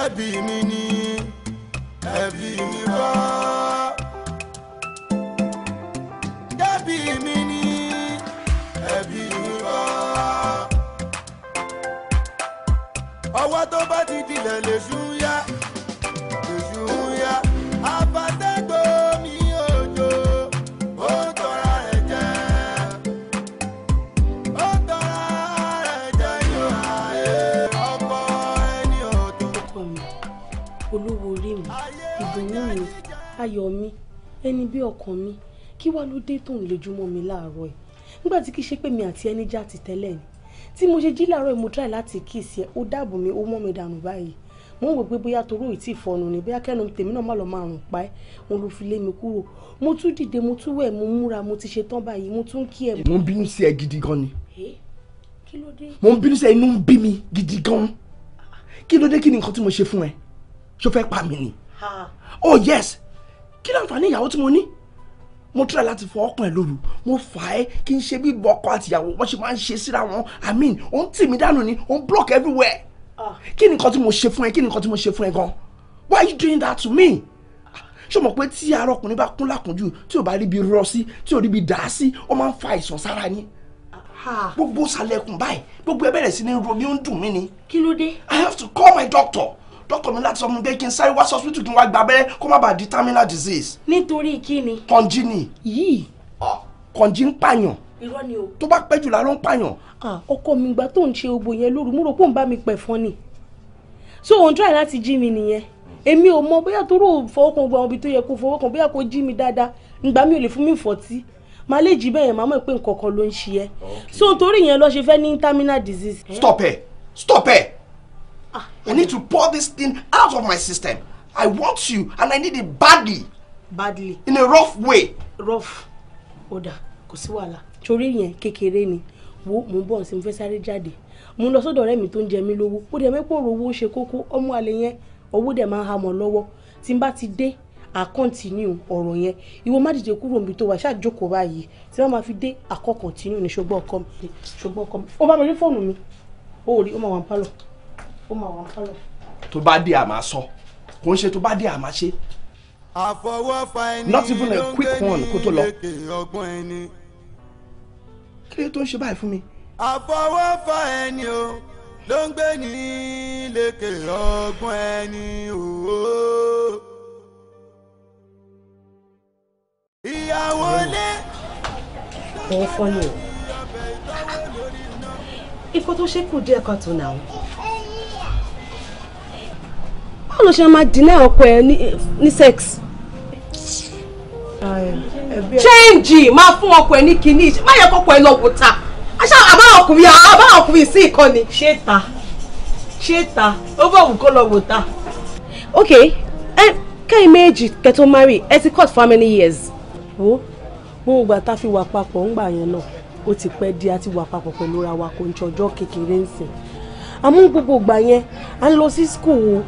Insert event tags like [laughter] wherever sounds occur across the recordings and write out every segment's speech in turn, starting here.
ṣẹ́bi mi ni ẹbí mi wá. Ṣẹ́bi mi ni ẹbí mi wá. Ọwọ́ tó bá ti dilẹ̀ lè ṣú yìí. ayọ̀ mi ẹni bí ọkàn mi kí wàá ló dé tó ń lejúmọ́ mi láàárọ̀ ẹ̀ nígbà tí kì í ṣe pé mi àti ẹni já ti tẹ́lẹ̀ ni tí mo ṣe jí láàárọ̀ mo try láti kíìsì ẹ ó dáàbò mi ó mọ́ mi dànù báyìí mo ń wò pé bóyá toró ì tí fọnù ni bóyá kẹ́nu tèmi náà má lọ máa rùn pa ẹ́ òun ló fi lé mi kúrò mo tún dìde mo tún wẹ̀ mo múra mo ti ṣe tán báyìí mo tún kí ẹ. mo ń bínú sí ẹ gidi gan ni mo ń bínú sí ẹ inú ń bí mi gidi gan kí ló dé kí ni nǹkan tí mo ṣe fún ẹ ṣó fẹ́ pa mí ni oh yes kí láǹfààní ìyàwó tí mo ní mo tura láti fọ ọkàn ẹ lóru mo fà á kí n ṣe bí bọkọ àtìyàwó wọn ṣe máa ń ṣe síra wọn i mean ó ń tì mí dànù ni ó ń block everywhere ah. kí ni nǹkan tí mo ṣe fún ẹ kí ni nǹkan tí mo ṣe fún ẹ gan why are you doing that to me ah, ṣé o mọ̀ pé tí ara ọkùnrin bá kún lákùnjù tí o bá rí ibi rọ sí tí o rí ibi dà á sí ó máa ń fa àìsàn sára ni gbogbo sàlẹ̀kùn báyìí gbogbo ẹ bẹ̀rẹ̀ sí ní ro ní ó ń dùn mí ni. kí ló dé. i have to call my doctor dọ́kọ̀ mi láti sọ fún mi pé kí n sáré wá sọ́sítù kí n wá gba abẹ́rẹ́ kó má bàa di terminal disease. nítorí kí ni. kọ́njí ni. yìí. Ah, kọ́njí ń pààyàn. irọ́ ni o. tó bá pẹ́ jù láró ń pààyàn. Ah, ọkọ mi ìgbà tó ń ṣe ògbò yẹn lóru mo rò pé òun bá mi pẹ̀ fún ni so òun try láti jí mi nìyẹn èmi ò mọ bóyá tó rò fọwọ́kàn gba àwọn ibi tó yẹ kó fọwọ́kàn bóyá kó jí mi dáadáa ngbà mi ò lè fún mi fọ́tí máa lè jí bẹ́ẹ̀ màmá pé nǹkan kan ló ń ṣe ẹ́ so nítorí yẹn ló ṣe fẹ́ ní terminal disease. stop ẹ stop ẹ Ah, I need to pour this thing out of my system. I want you and I need it badly. Badly. In a rough way. Rough. Oda, kò sí wàhálà. Torí yẹn ni. Wo mo bọ̀ sí mo fẹ́ sáré jáde. Mo lọ sọ́dọ̀ ọ̀rẹ́ mi tó ń jẹ mí lówó. Ó dẹ̀ mẹ́pọ̀ òrò owó ṣe kókó. Ọmọ àlè yẹn owó dẹ̀ máa ń hamọ̀ lọ́wọ́. Tí ti dé, à continue ọ̀rọ̀ yẹn. Ìwọ má dìde kúrò níbi tó wà ṣáà jókòó báyìí. Tí wọ́n máa fi dé, à continue ní ṣùgbọ́n ọkọ mi. Ṣùgbọ́n ọkọ mi. Ó bá mi rí fóònù mi. Ó rí ó máa wà ń fọlọ. tó bá dé àmà sọ kò ń ṣe tó bá dé àmà ṣe. àfọwọ́fà ẹni not even a quick one kó tó lọ. kí ló tó ń ṣe báyìí fún mi. àfọwọ́fà ẹni o ló ń gbé ní lékè ọgbọ́n ẹni o. ìyàwó lé. òun fọ́ ni o ikú tó ṣe kù díẹ̀ kan tó nà ó báwo ló ṣe máa deny ọkọ ẹ ní sex. change máa fún ọkọ ẹ ní kinní má yẹ kọkọ ẹ lọ wò ta àbáwọn ọkùnrin àbáwọn ọkùnrin sí ìkànnì. ṣé ta ṣé ta ó bá òun kó lọ wò ta. ok kẹ́yìn méjì kẹ́tọ́ marry ẹ ti court for how many years. o gbogbo ìgbà tá a fi wà papọ̀ ń gbà yẹn náà ó ti pẹ́ di àti wà papọ̀ pẹ̀lú ra wa kò ń ṣọjọ́ kékeré ń sìn àmọ́ gbogbo ìgbà yẹn à ń lọ sí school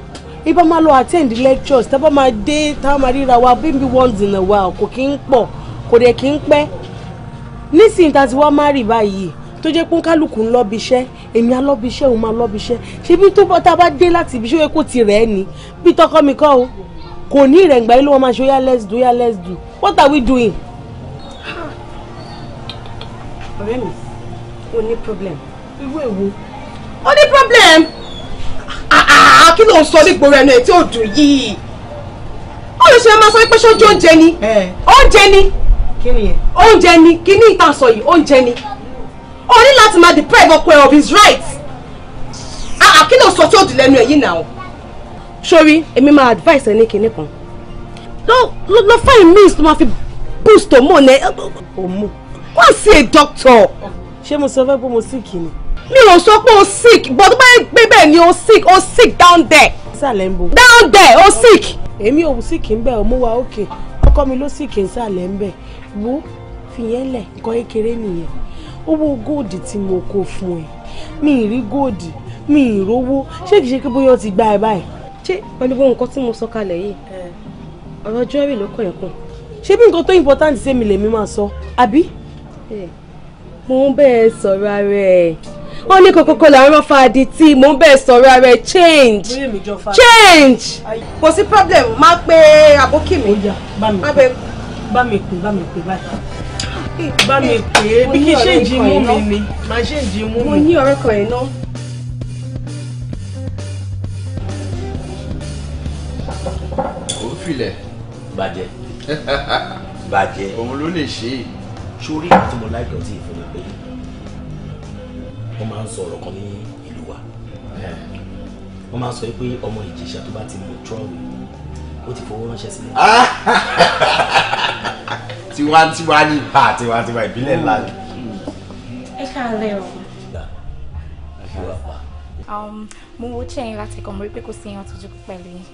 ibà máa lọ attend lectures tá a bá máa dé tá a máa ríra wa bíbí once in a while kò kí ń pọ̀ kò dẹ̀ kí ń pẹ́ nísìnyí tá a ti wá má rì báyìí tó jẹ́ pé kálukú ń lọ́bi iṣẹ́ èmi alọ́bi iṣẹ́ òun máa lọ́bi iṣẹ́ ṣebí tó bá tá a bá dé láti ibi iṣẹ́ kó ti rẹ̀ ẹ́ ni bí tọkọ mi kọ́ o kò ní ìrẹ̀ǹgbà yìí ló wọ́n máa ṣe ó yá let's do yá let's do what are we doing. ọ̀rẹ́ mi ò ní problem. irú èwo. ó ní problem àwa kí ló ń sọ nígboro ẹnu ẹ tí ò dùn yìí báwo ṣe máa sọ pé ṣojú oúnjẹ ni oúnjẹ ni oúnjẹ ni kíní ìtàsọ yìí oúnjẹ ni o ní láti máa deprive ọkọ ẹ of his rights àà ah, ah, kí ló sọ tí ò dùn lẹ́nu ẹ náà. sori èmi máa advice ẹ ní kinní kan lọ lọ find means tó máa fi boost hormone ẹ. hormone. wá sí a doctor. ṣé mo sọ fẹ́ pé mo sì kì í ni mi ò sọ pé o sick but bá gbé bẹ́ẹ̀ ni o sick o sick down there. ìsàlẹ̀ ń bò. down there o sick. èmi ò sick ń bẹ̀ ọ́ mú wa òkè ọkọ mi ló sick ìsàlẹ̀ ń bẹ̀ wo fìyẹn lẹ̀ nǹkan kékeré nìyẹn owó góòdì tí mo kó fún ẹ mi ì rí góòdì mi ì rówó ṣé kìí ṣe pé bóyá o ti gba ẹ báyìí. ṣé pẹ̀lú gbogbo nǹkan tí mo sọ kalẹ̀ yìí eh. ọ̀rọ̀ jewelry ló kọ̀ yẹ̀kùn. ṣé bí nǹkan tó important ṣé mi lèmi máa sọ àbí. Eh, mo ń bẹ́ẹ̀ sọ̀rọ̀ ara ẹ̀ ó ní kókókó làárọ̀ fàdí tí mò ń bẹ̀ sọ̀rọ̀ ara change change kò sí problem má pé àbókì mi má bẹ. bá mi pè bá mi pè báyìí bá mi eh, pè é bí kí ṣe ń jí mú mi ni má ṣe ń jí mú mi. mo ní ọ̀rẹ́ kan ẹ̀ náà. ó filẹ̀ bàjẹ́ [laughs] bàjẹ́ òun ló lè ṣe é. sórí àti mo láìpẹ́ ọtí ìfún wọ́n máa ń sọ ọ̀rọ̀ kan ní ìlú wa wọ́n máa ń sọ pé ọmọ ìjẹ̀ṣà tó bá ti mú trọ́ọ̀lù ó ti fowó ránṣẹ́ sílẹ̀. [laughs] tiwantiwa ni ha tiwantiwa ìbílẹ̀ ńlá ni. ẹ káàárẹ̀ o. Um, mo wo chẹ́yìn láti kàn mo rí pé kò sí èèyàn tó pẹ̀lú yín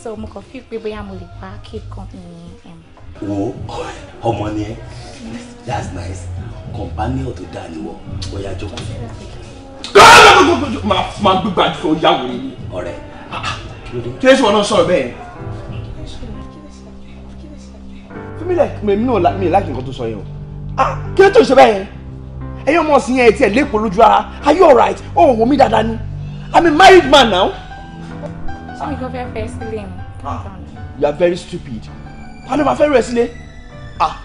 so mo kàn fi pé bóyá mo lè bá cake company um, wo ọmọ ni ẹ that's nice companion tó dáa ni wọ bóyá jókòó. máa gbégbá ju fún ìyàwó rẹ ni. ọ̀rẹ́ kí ló ṣe wọn náà sọ̀rọ̀ bẹ́ẹ̀. fúnmi lẹ mi náà mi láì nǹkan tó sọ yẹn o ah, kí ló tó ṣe bẹ́ẹ̀ ẹ̀yin ọmọ ọ̀sìn yẹn ẹ̀ tiẹ̀ lẹ́kọ̀ọ́ lójú ara are you alright ọ̀hún wò mí dáadáa ni i'm a married man now. ṣé mi kò fẹ́ fẹ́ sílẹ̀ mi. you are very stupid a ló máa fẹ́ rẹ̀ sílé ah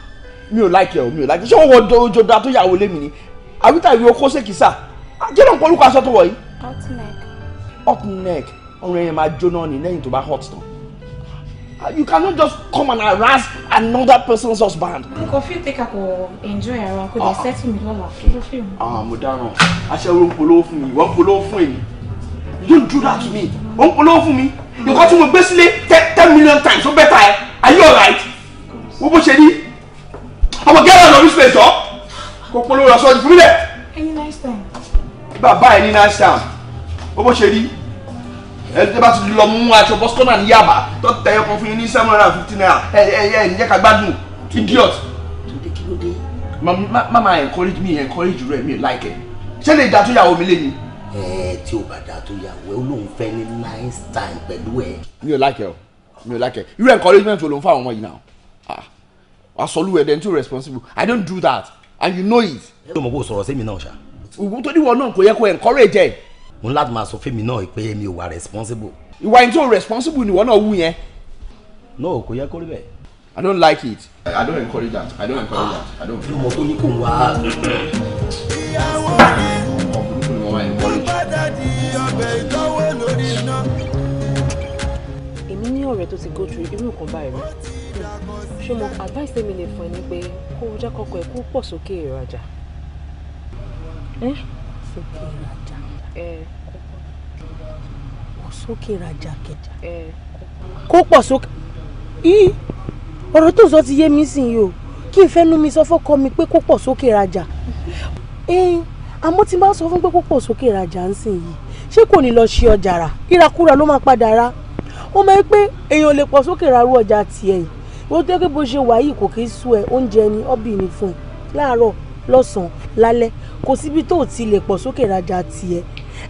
mi ò láìkẹ́ o mi ò láìkẹ́ ṣé wọ́n wọ ojú ọ̀dà tó yàwó lé mi ni àbítà ìwé okó ṣèkìsà ah, jẹ́ náà polúkọ aṣọ tó wọ̀ yìí. hot neck. hot neck ọrùn ẹ̀yìn máa jóná ni lẹ́yìn tó bá hot tán ah, you cannot just come and harass another person's husband. mo kàn feel take akọ enjoy ara kò dé ah. settle mi lọ́la kí ló fi mu. àwọn mo dáràn aṣẹ́wó ń polówó fún mi ìwọ polówó fún èmi you don't do that to me ó ń polówó fún mi nǹkan tí mo gbé sílé ten million times ó bẹ́ẹ̀ ta ẹ are you alright wo bó ṣe ní ọmọ gẹ́gẹ́ lọ nípa ìtọ́ kò polówó lọ sọ́ọ́dún fúnilẹ̀. ẹni nice time. bàbá ẹni nice time wo bó ṣe ní ẹtẹ bá ti lọ mú aṣọ bọ́sítọ́nà ní yàbá tó tẹ ẹ kan fún yín ní seven hundred and fifty naira ẹ ẹ ẹ ǹjẹ́ ká gbádùn idiot. tòde kí ló mama encourage me encourage rẹ mi like ẹ ṣé lè dá tó yàwó mi lé ni. ẹ tí o bá dá tó yàwó ẹ ó lóun ní nice time pẹ̀lú ẹ. mi ò like ẹ o mi ò lákẹ́ irú encouragement wo ló ń fún àwọn ọmọ yìí náà asọ́lùwẹ̀ ah, dem too responsible i don't do that and you know it. ẹ ló mọ̀ kó sọ̀rọ̀ sí mi náà ṣá. ògùn tó díwọ̀ náà kò yẹ kó encourage ẹ̀. mo ń láti máa sọ fẹ́mi náà pé mi ò wà responsible. ìwà ẹni tó responsible nìwọ náà wù yẹn. no kò yẹ kó rí bẹ́ẹ̀. i don't like it. i don't encourage that i don't encourage that i don't. ọ̀rẹ́ tó ti go through irú nǹkan báyìí rí ṣé mo advice tèmi lè fún ẹ ní pé kó o jẹ́ kọ́kọ́ ẹ kó pọ̀ sókè ìrajà. sókè ìrajà kẹjà kó pọ̀ sókè ọ̀rọ̀ tó sọ ti yé mi sìn yìí o kí n fẹ́nu mi sọ fọ́kọ mi pé kó pọ̀ sókè ìrajà àmọ́ tí n bá sọ fún pé kó pọ̀ sókè ìrajà ń sìn yìí ṣé kò ní lọ ṣe ọjà rà ìrakúra ló máa padà ra ó mọ̀ pé èèyàn lè pọ̀ sókè rárú ọjà tiẹ̀ yìí wọ́n tó kí bó ṣe wà yìí kò kí sú ẹ oúnjẹ ni ọ́bì ni fún ẹ láàárọ̀ lọ́sàn-án lálẹ́ kò síbi tó ti lè pọ̀ sókè rajà tiẹ̀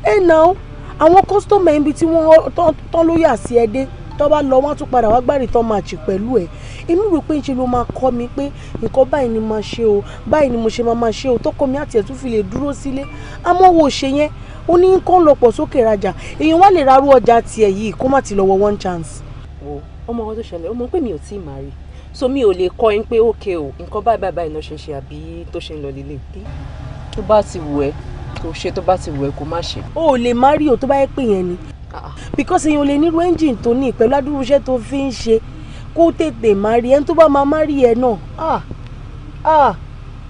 ẹ nà ó àwọn kọ́sítọ́mù ibi tí wọ́n tán ló yà sí ẹ dé tó bá lọ wọ́n tún padà wá gbárí tán máa jì pẹ̀lú ẹ̀ èmi rò pé ńṣe ló máa kọ́ mi pé nǹkan báyìí ni máa ṣe o báyìí ni mo ṣe máa máa ṣe o tọkọ mi àti ẹ̀ tún fi lè dúró sílé àmọ́ wo ṣe yẹn ó ní kó lọ pọ̀ sókè rajà èèyàn wá lè rarú ọjà tiẹ̀ yìí kó má ti lọ one chance. wo ọmọ ọkọ tó ṣẹlẹ̀ ó mọ̀ pé mi ò tí ì máa rí so mi ò lè kọ́ ẹ pé ókè o nǹkan báyìí báyìí báyìí lọ ṣe ṣe àbí tó ṣe ń lọ lílé tó bá ti wù ẹ́ kò ṣe tó bá ti wù ẹ́ kó má ṣe. o lè má rí o tó bá yẹ pé yẹn ni because èèyàn ò lè nírú engine tó ní pẹ̀lú adúrú iṣẹ́ tó fi ń ṣe kó tètè má rí ẹni tó bá máa má rí ẹ náà ah, ah,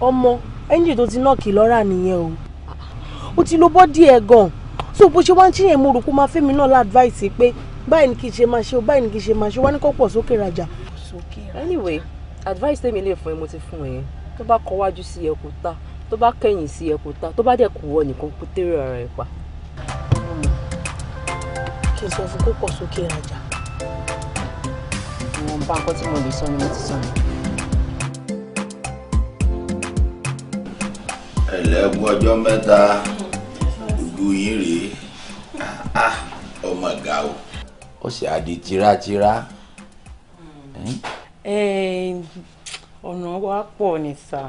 ọmọ engine tó ti nọ́ọ̀kì lọ́ra nìyẹn o ó ti lo bọ́dì ẹ̀ gan so bó ṣe wá ń ṣiyẹn mo rò pé máa fẹ́mi náà láàdváìsì pé báyìí ni kì í ṣe máa ṣe o báyìí ni kì í ṣe máa ṣe wá ní kó pọ̀ sókè rajà. anyway advice tèmi lè fún ẹ mo ti fún ẹ tó bá kọ wájú sí ẹ kó ta tó bá kẹ̀yìn sí ẹ kó ta tó bá dẹ̀ kù wọ nìkan kó tẹ́rẹ̀ ara ẹ pa. kí n sọ fún kó pọ̀ sókè rajà. ìwọ̀nba nǹkan tí mo lè sọ ni mo ti sọ yẹn. ẹlẹ́gùn ọjọ́ mẹ́ta ojú yín rèé ah, ah, ọmọ ga o ó sì á di ọ̀nà wa pọ̀ n'isa. sà.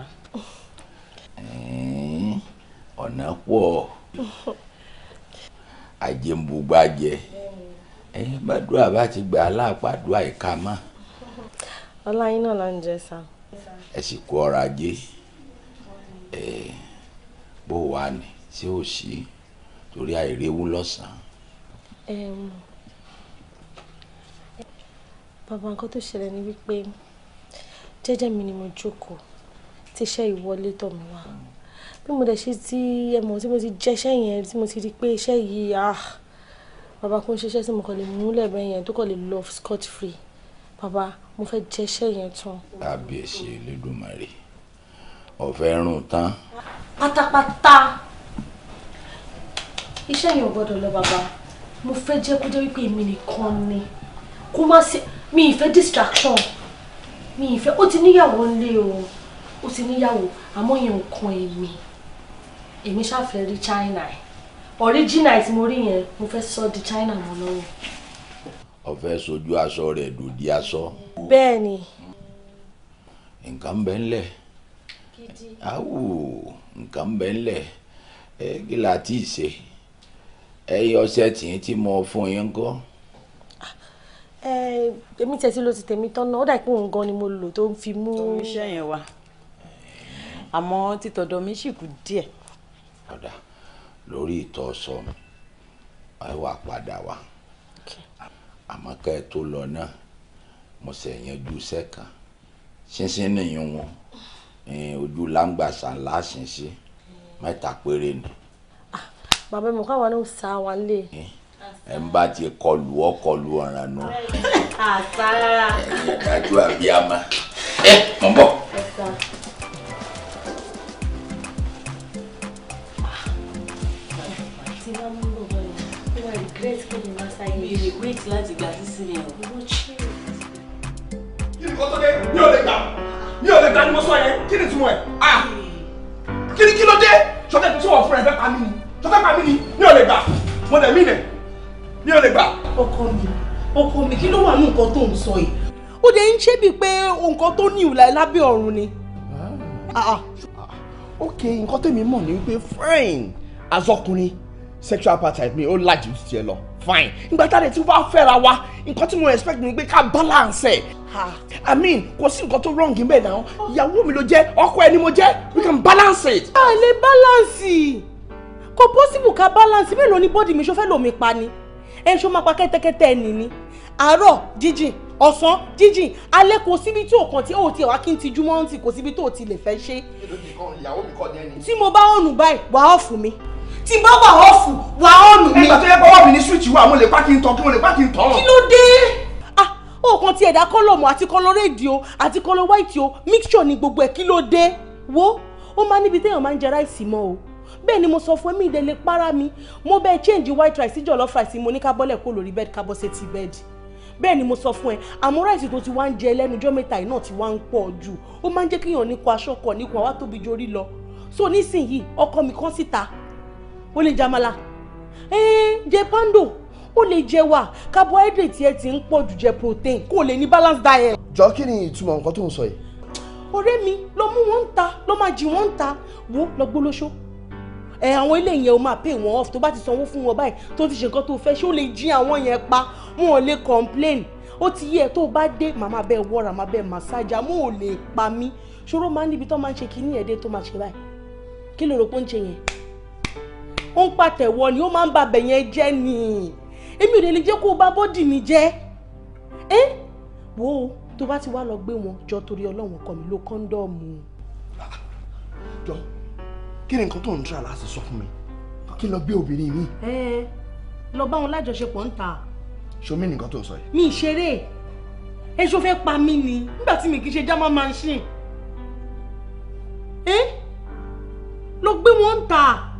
ọ̀nà pọ̀ ajẹ́nbugbájẹ ẹ̀yin gbàdúrà bá ti gbà á ìka mọ́. ọlá náà ló ń jẹ ẹ sì bó wà ní tí ò sí torí àìrèwú lọ́sàn-án. bàbá nǹkan tó ṣẹlẹ̀ ni wípé jẹ́jẹ́ mi ni mo jókòó tíṣẹ́ ìwọlé tọ̀ mí wá bí mo dẹ̀ ṣe ti ẹ̀mọ́ tí mo ti jẹ́ṣẹ́ yẹn tí mo ti rí pé iṣẹ́ yìí ah bàbá kò ń ṣiṣẹ́ tí mo kàn lè múlẹ̀ bẹ́ẹ̀ yẹn tó kàn lè lọ scot free bàbá mo fẹ́ jẹ́ṣẹ́ yẹn tán. àbí ẹ̀ṣẹ̀ Elédùmarè. ọ̀fẹ́ rún tán. pátápátá iṣẹ́ yẹn ò gbọ́dọ̀ lọ bàbá mo fẹ́ jẹ́ kó jẹ́ wípé èmi nìkan ni kó má ṣe mi ì distraction mi ì ó ti níyàwó ńlé o ó ti níyàwó àmọ́ yẹn ò kan èmi èmi ṣàfẹ́ rí China ẹ̀ original tí mo rí yẹn mo fẹ́ sọ di China mọ́ lọ́wọ́. ọ̀fẹ́ sojú aṣọ rẹ̀ dòdì aṣọ. bẹ́ẹ̀ ni. nǹkan ń bẹ gidi. àwò nǹkan bẹ́ẹ̀ ńlẹ̀ ẹ kí la ti ṣe ẹ yọ ọṣẹ tìyín tí mo fún yín kọ́. Ah, ẹ èmi tẹ̀sí ló ti tèmi tán ó dà pé òun gan ni mo lò tó ń fi mú. tó ń ṣe yẹn wa àmọ́ títọ̀dọ̀ mi sì kù díẹ̀. padà lórí ìtọ́ sọ ẹ wà padà wá àmọ́ ká ẹ tó lọ náà mo ṣe yanjú iṣẹ́ kan ṣínṣín nìyí wọn. Eh, ojú láǹgbàṣà ńlá ṣinṣin mẹ́ta péré ni. Ah, bàbá mi káwọn náà sá wa lé. Eh, ẹ ń bá ti kọlu ọ kọlu ọ̀ràn nù. àṣàrà. ẹ̀yin dájú àbíyámá. ẹ eh, mọ̀ bọ̀. mi regret láti gba sísìn yẹn o. kí ni kò tó dé mi ò the gbà mi ò lè gba ni mo sọ yẹn kí ni túmọ̀ ẹ̀ ah kí ni kí ló dé sọfẹ́ tó sọ̀rọ̀ fún ẹ fẹ́ pa mí ni sọfẹ́ pa mí ni mi ò lè gbà mo dẹ̀ mí nẹ̀ mi ò lè gbà. ọkọ mi ọkọ mi kí ló wà ní nǹkan tó ń sọ yìí. ó dẹ̀ ń ṣe bíi pé nǹkan tó ní ìwúlẹ̀ lábẹ́ ọ̀run ni. Ah. Ah, ah. ok nǹkan tèmi mọ̀ ni wípé fine azọkùnrin sexual appetite mi ó lájú tiẹ̀ lọ fine ìgbà tá a lè ti wá fẹ́ra wa nǹkan tí mo expect ni pé ká balance ẹ̀ i mean kò sí nǹkan tó wrong níbẹ̀ náà ìyàwó mi ló jẹ́ ọkọ ẹni mo jẹ́ we can balance it. a lè balance kò possible ká balance mélòó ni bọ́dì mi ṣo fẹ́ lòmí pa ni ẹ ṣo máa pa kẹ́tẹ́kẹ́tẹ́ ẹni ni àárọ̀ jíjìn ọ̀sán jíjìn alẹ́ kò síbi tí òkan tí ó ti wá kí n ti júmọ́ ń tì kò síbi tó o ti lè fẹ́ ṣe. ìyàwó mi kọ́ ní ẹni. tí mo bá ọ̀nù báyìí wàá ọ̀fù mi tí n bá wà ọ̀fù wàá ọ̀nù mi. ẹgbẹ́ tó yẹ kó wà mí ní switch wà mo lè pa kí n tọ́ kí mo lè pa kí n tọ́. kí ló dé òkan ti ẹ̀dá kọ́lọ̀mù àti kọ́lọ̀ rédíò àti kọ́lọ̀ white o mixture ni gbogbo ẹ̀ kí ló dé wo ó máa níbi téèyàn máa ń jẹ ráìsì mọ́ o bẹ́ẹ̀ ni mo sọ fún mi ìdẹ́lẹ̀ para mi mo bẹ́ẹ̀ change white rice sí jollof rice mo ní ká bọ́lẹ̀ kó lórí bẹ́ẹ̀dì ká bọ́ sétí bẹ́ẹ̀dì bẹ́ẹ̀ ni mo sọ fún ẹ àmọ́ ráìsì tó ti wá ń jẹ lẹ́nujọ́ mẹ́ta yìí náà ti wá ń pọ̀ jù ó máa ń jẹ́ kéèyàn nípa aṣọ kan nípa wá tóbi jorí lọ so nísìnyí ọkọ mi kan síta ó lè jamala ẹ eh, jẹ pando ó lè jẹ wà carbohydrate yẹn ti ń pọ̀ jù jẹ protein kó o lè ní balance diet. jọ kí ni ìtumọ̀ nǹkan tó ń sọ yìí. ọ̀rẹ́ mi lọ mú wọn ń ta lọ máa jí wọn ń ta wo lọ gbólóṣó ẹ àwọn ilé yẹn o máa pay wọn off tó bá ti sanwó fún wọn báyìí tó ti ṣe nǹkan tó fẹ́ ṣé ó lè jí àwọn yẹn pa wọn ò lè complain ó ti yẹ tó o bá dé màmá bẹ́ẹ̀ wọ́ra màmá bẹ́ẹ̀ màsájà mo ò lè pa mí ṣòro máa ń níbi tó máa ń ṣe kínní ẹ̀dẹ́ tó máa ṣe báyìí kí ló rò pé ó ń ṣe yẹn ó ń pàtẹ́wọ́ ni ó máa ń ba bẹ̀yẹn jẹ́ nìyí èmi ò lè lè jẹ́ kó o bá bọ́dì mi jẹ́ ẹ́ wo tó bá ti wá lọ gbé wọn jọ torí ọlọ́run kọ́ mi ló kọ́ńdọ̀mù. jọ kí ni nǹkan tó ń dra láti sọ fún mi kí lọ gbé obìnrin mi. ẹ lọ bá wọn lájọṣepọ̀ ń ta. ṣomi nìkan tó ń sọ yìí. mi ìṣeré èso fẹ́ pa mí ni nígbà tí mi kì í ṣe german machine. ẹ lọ gbé wọn ń ta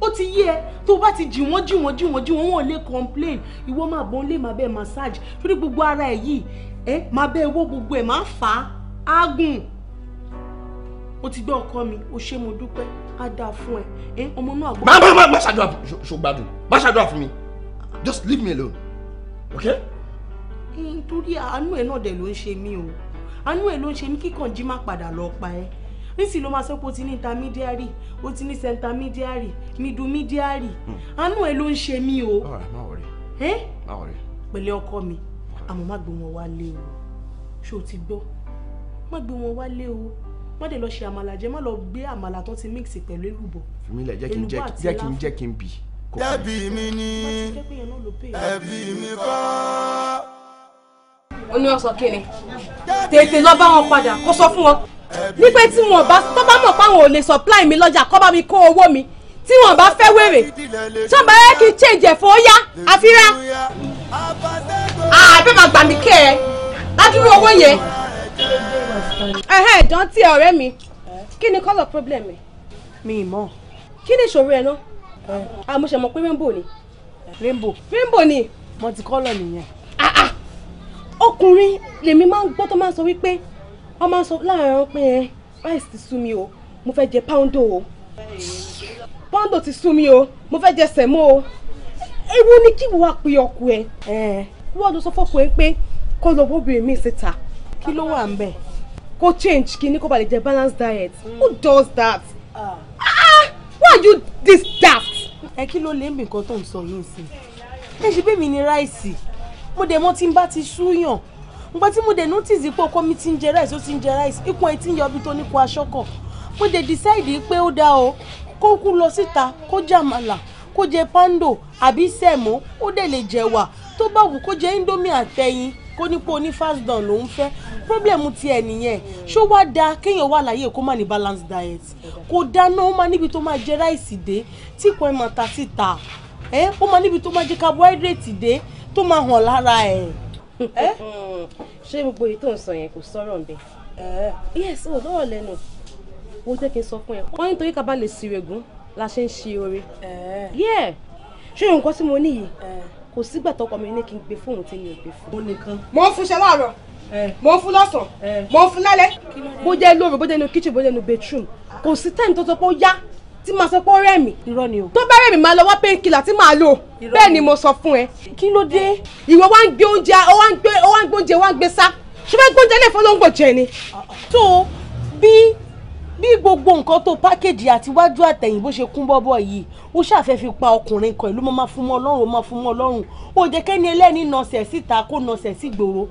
ó ti yé ẹ tó bá ti jì wọ́n jì wọ́n jì wọ́n jì wọ́n wọn ò complain ìwọ máa bọ́n lè máa bẹ́ẹ̀ massage torí gbogbo ara ẹ̀ yìí ẹ máa bẹ́ẹ̀ wọ́ gbogbo ẹ̀ máa fà á ágùn ó ti gbọ́ ọkọ mi ó ṣe mo dúpẹ́ á dáa fún ẹ ẹ ọmọ náà. má má má má ṣàdúrà ṣògbádùn má ṣàdúrà fún mi just leave me alone okay. nítorí àánú ẹ náà dẹ̀ ló ń ṣe mí o àánú ẹ ló ń ṣe mí kíkàn jí má padà lọ pa ẹ́ nísìnyí ló máa sọ pé o ti ní intermediary o ti ní centermediary middlemediary hmm. àánú ẹ ló ń ṣe mí o. má wọrí má wọrí. pẹ̀lẹ́ ọkọ mi àmọ́ má gbé wọn wálé o ṣé o ti gbọ́ má gbé wọn wálé o má dé lọ ṣe àmàlà jẹ má lọ gbé àmàlà tó ti mix pẹ̀lú èlùbọ́. fúnmi lẹ jẹ́ kí n jẹ́ kí n jẹ́ kí n bì. ẹbí mi ni ẹbí mi kọ́. ó ní wọn sọ kí ni tètè lọ bá wọn padà kó sọ fún wọn nígbà tí wọn bá tó bá mọ̀ páwọn ò lè supply mi lọ́jà kọ́ bá mi kó owó mi tí wọn bá fẹ́ wèrè sọ́ba yẹ kí n change ẹ̀fọ́ yá àfírá àbẹ́ máa gbà mí kẹ́ ẹ ládùúgbò owó yẹn ẹ̀hẹ́ ìdán tí ọ̀rẹ́ mi kí ni cause of problem mi. mi mọ̀. kí ni ìṣòro ẹ náà àmọ́ ṣe mọ̀ pé rainbow ni. rainbow. rainbow ni. multicolor nìyẹn. Ah, ah. ọkùnrin lèmi máa ń gbọ́ tó máa ń sọ wípé wọ́n máa ń sọ láàárín ọ̀rọ̀ pé rice ti sú mi o mo fẹ́ jẹ poundo o poundo ti sú mi o mo fẹ́ jẹ sẹ̀mó o ewu ni kí wọ́n á pe ọkọ ẹ̀ wọ́n lọ sọ fọ́kùn ẹ̀ pé kó lọ bóbìnrin mi síta kí ló wà ń bẹ̀ kó change kí ni kó ba lè jẹ balanced diet who does that ah. ah why you this daft. ẹ kí ló lè ń bì nǹkan tó ń sọ yìí sí ẹ ṣe bẹ́ẹ̀ mi ni ráìsì mo dẹ̀ mo ti ń bá ti ṣúyàn nǹkan tí mo dẹ̀ notice pé ọkọ mi ti ń jẹ rice ó ti ń jẹ rice ikùn ẹ̀ ti ń yọ ibi tó ní kó aṣọ kọ̀ mo dẹ̀ decide pé ó dáa o kó kú lọ síta kó jẹ àmàlà kó jẹ pando àbí sẹ̀mó ó dẹ̀ lè jẹ̀wà tó bá wù kó jẹ indomie àtẹyin kó nípa oní fast down ló ń fẹ́ problem tiẹ̀ nìyẹn ṣó wá da kéèyàn wà láyé kó má ní balance diet kò dáná ó máa níbi tó máa jẹ ráìsì dé tí kò ẹ̀ máa ta síta ó máa níbi tó máa jẹ carbohydrate dé tó máa hàn lára ẹ̀. Eh? [laughs] Eh? ṣé gbogbo èyí tó ń sọ yẹn kò sọ̀rọ̀ ń bẹ̀. Eh. yes o lọ́rọ̀ lẹ́nu wo jẹ́ kí n sọ fún ẹ wọ́n ní nítorí ká bá lè ṣìrègùn la ṣe ń ṣe oore. Eh. ṣé nǹkan tí mo ní yìí kò sígbà tọkọ mi ní kí n gbé fóònù tí mi ò gbé fún. mo nìkan. mo ń fúnṣẹ́ láàárọ̀ mo ń fún lọ́sàn-án mo ń fún lálẹ́. bó jẹ́ lóru bó jẹ́ inú kíchìn bó jẹ́ inú bedroom kò sí time tó sọ pé ó yá tí máa sọ pé ó rẹ̀ mí. irọ́ ni o. tó bá rẹ̀ mí máa lọ wá painkiller tí màá lò. irọ́ bẹ́ẹ̀ ni mo sọ fún ẹ. kí ló dé. ìwọ wá ń gbé oúnjẹ ó wá ń gbé ó wá ń gbé oúnjẹ wá ń gbé sá ṣé wọ́n gbé oúnjẹ lè fọlọ́ngbò jẹ ni. tó bí bí gbogbo nǹkan tó pákéjì àtiwájú àtẹ̀yìn bó ṣe kún bọ́bọ́ yìí ó ṣàfẹ́ fi pa ọkùnrin kan ìlú máa fún mọ́ ọlọ́run ó máa fún mọ́ ọlọ́run ó jẹ́ kẹ́ni ẹlẹ́ni nọ̀sẹ̀ síta kó nọ̀sẹ̀ sí gbòòrò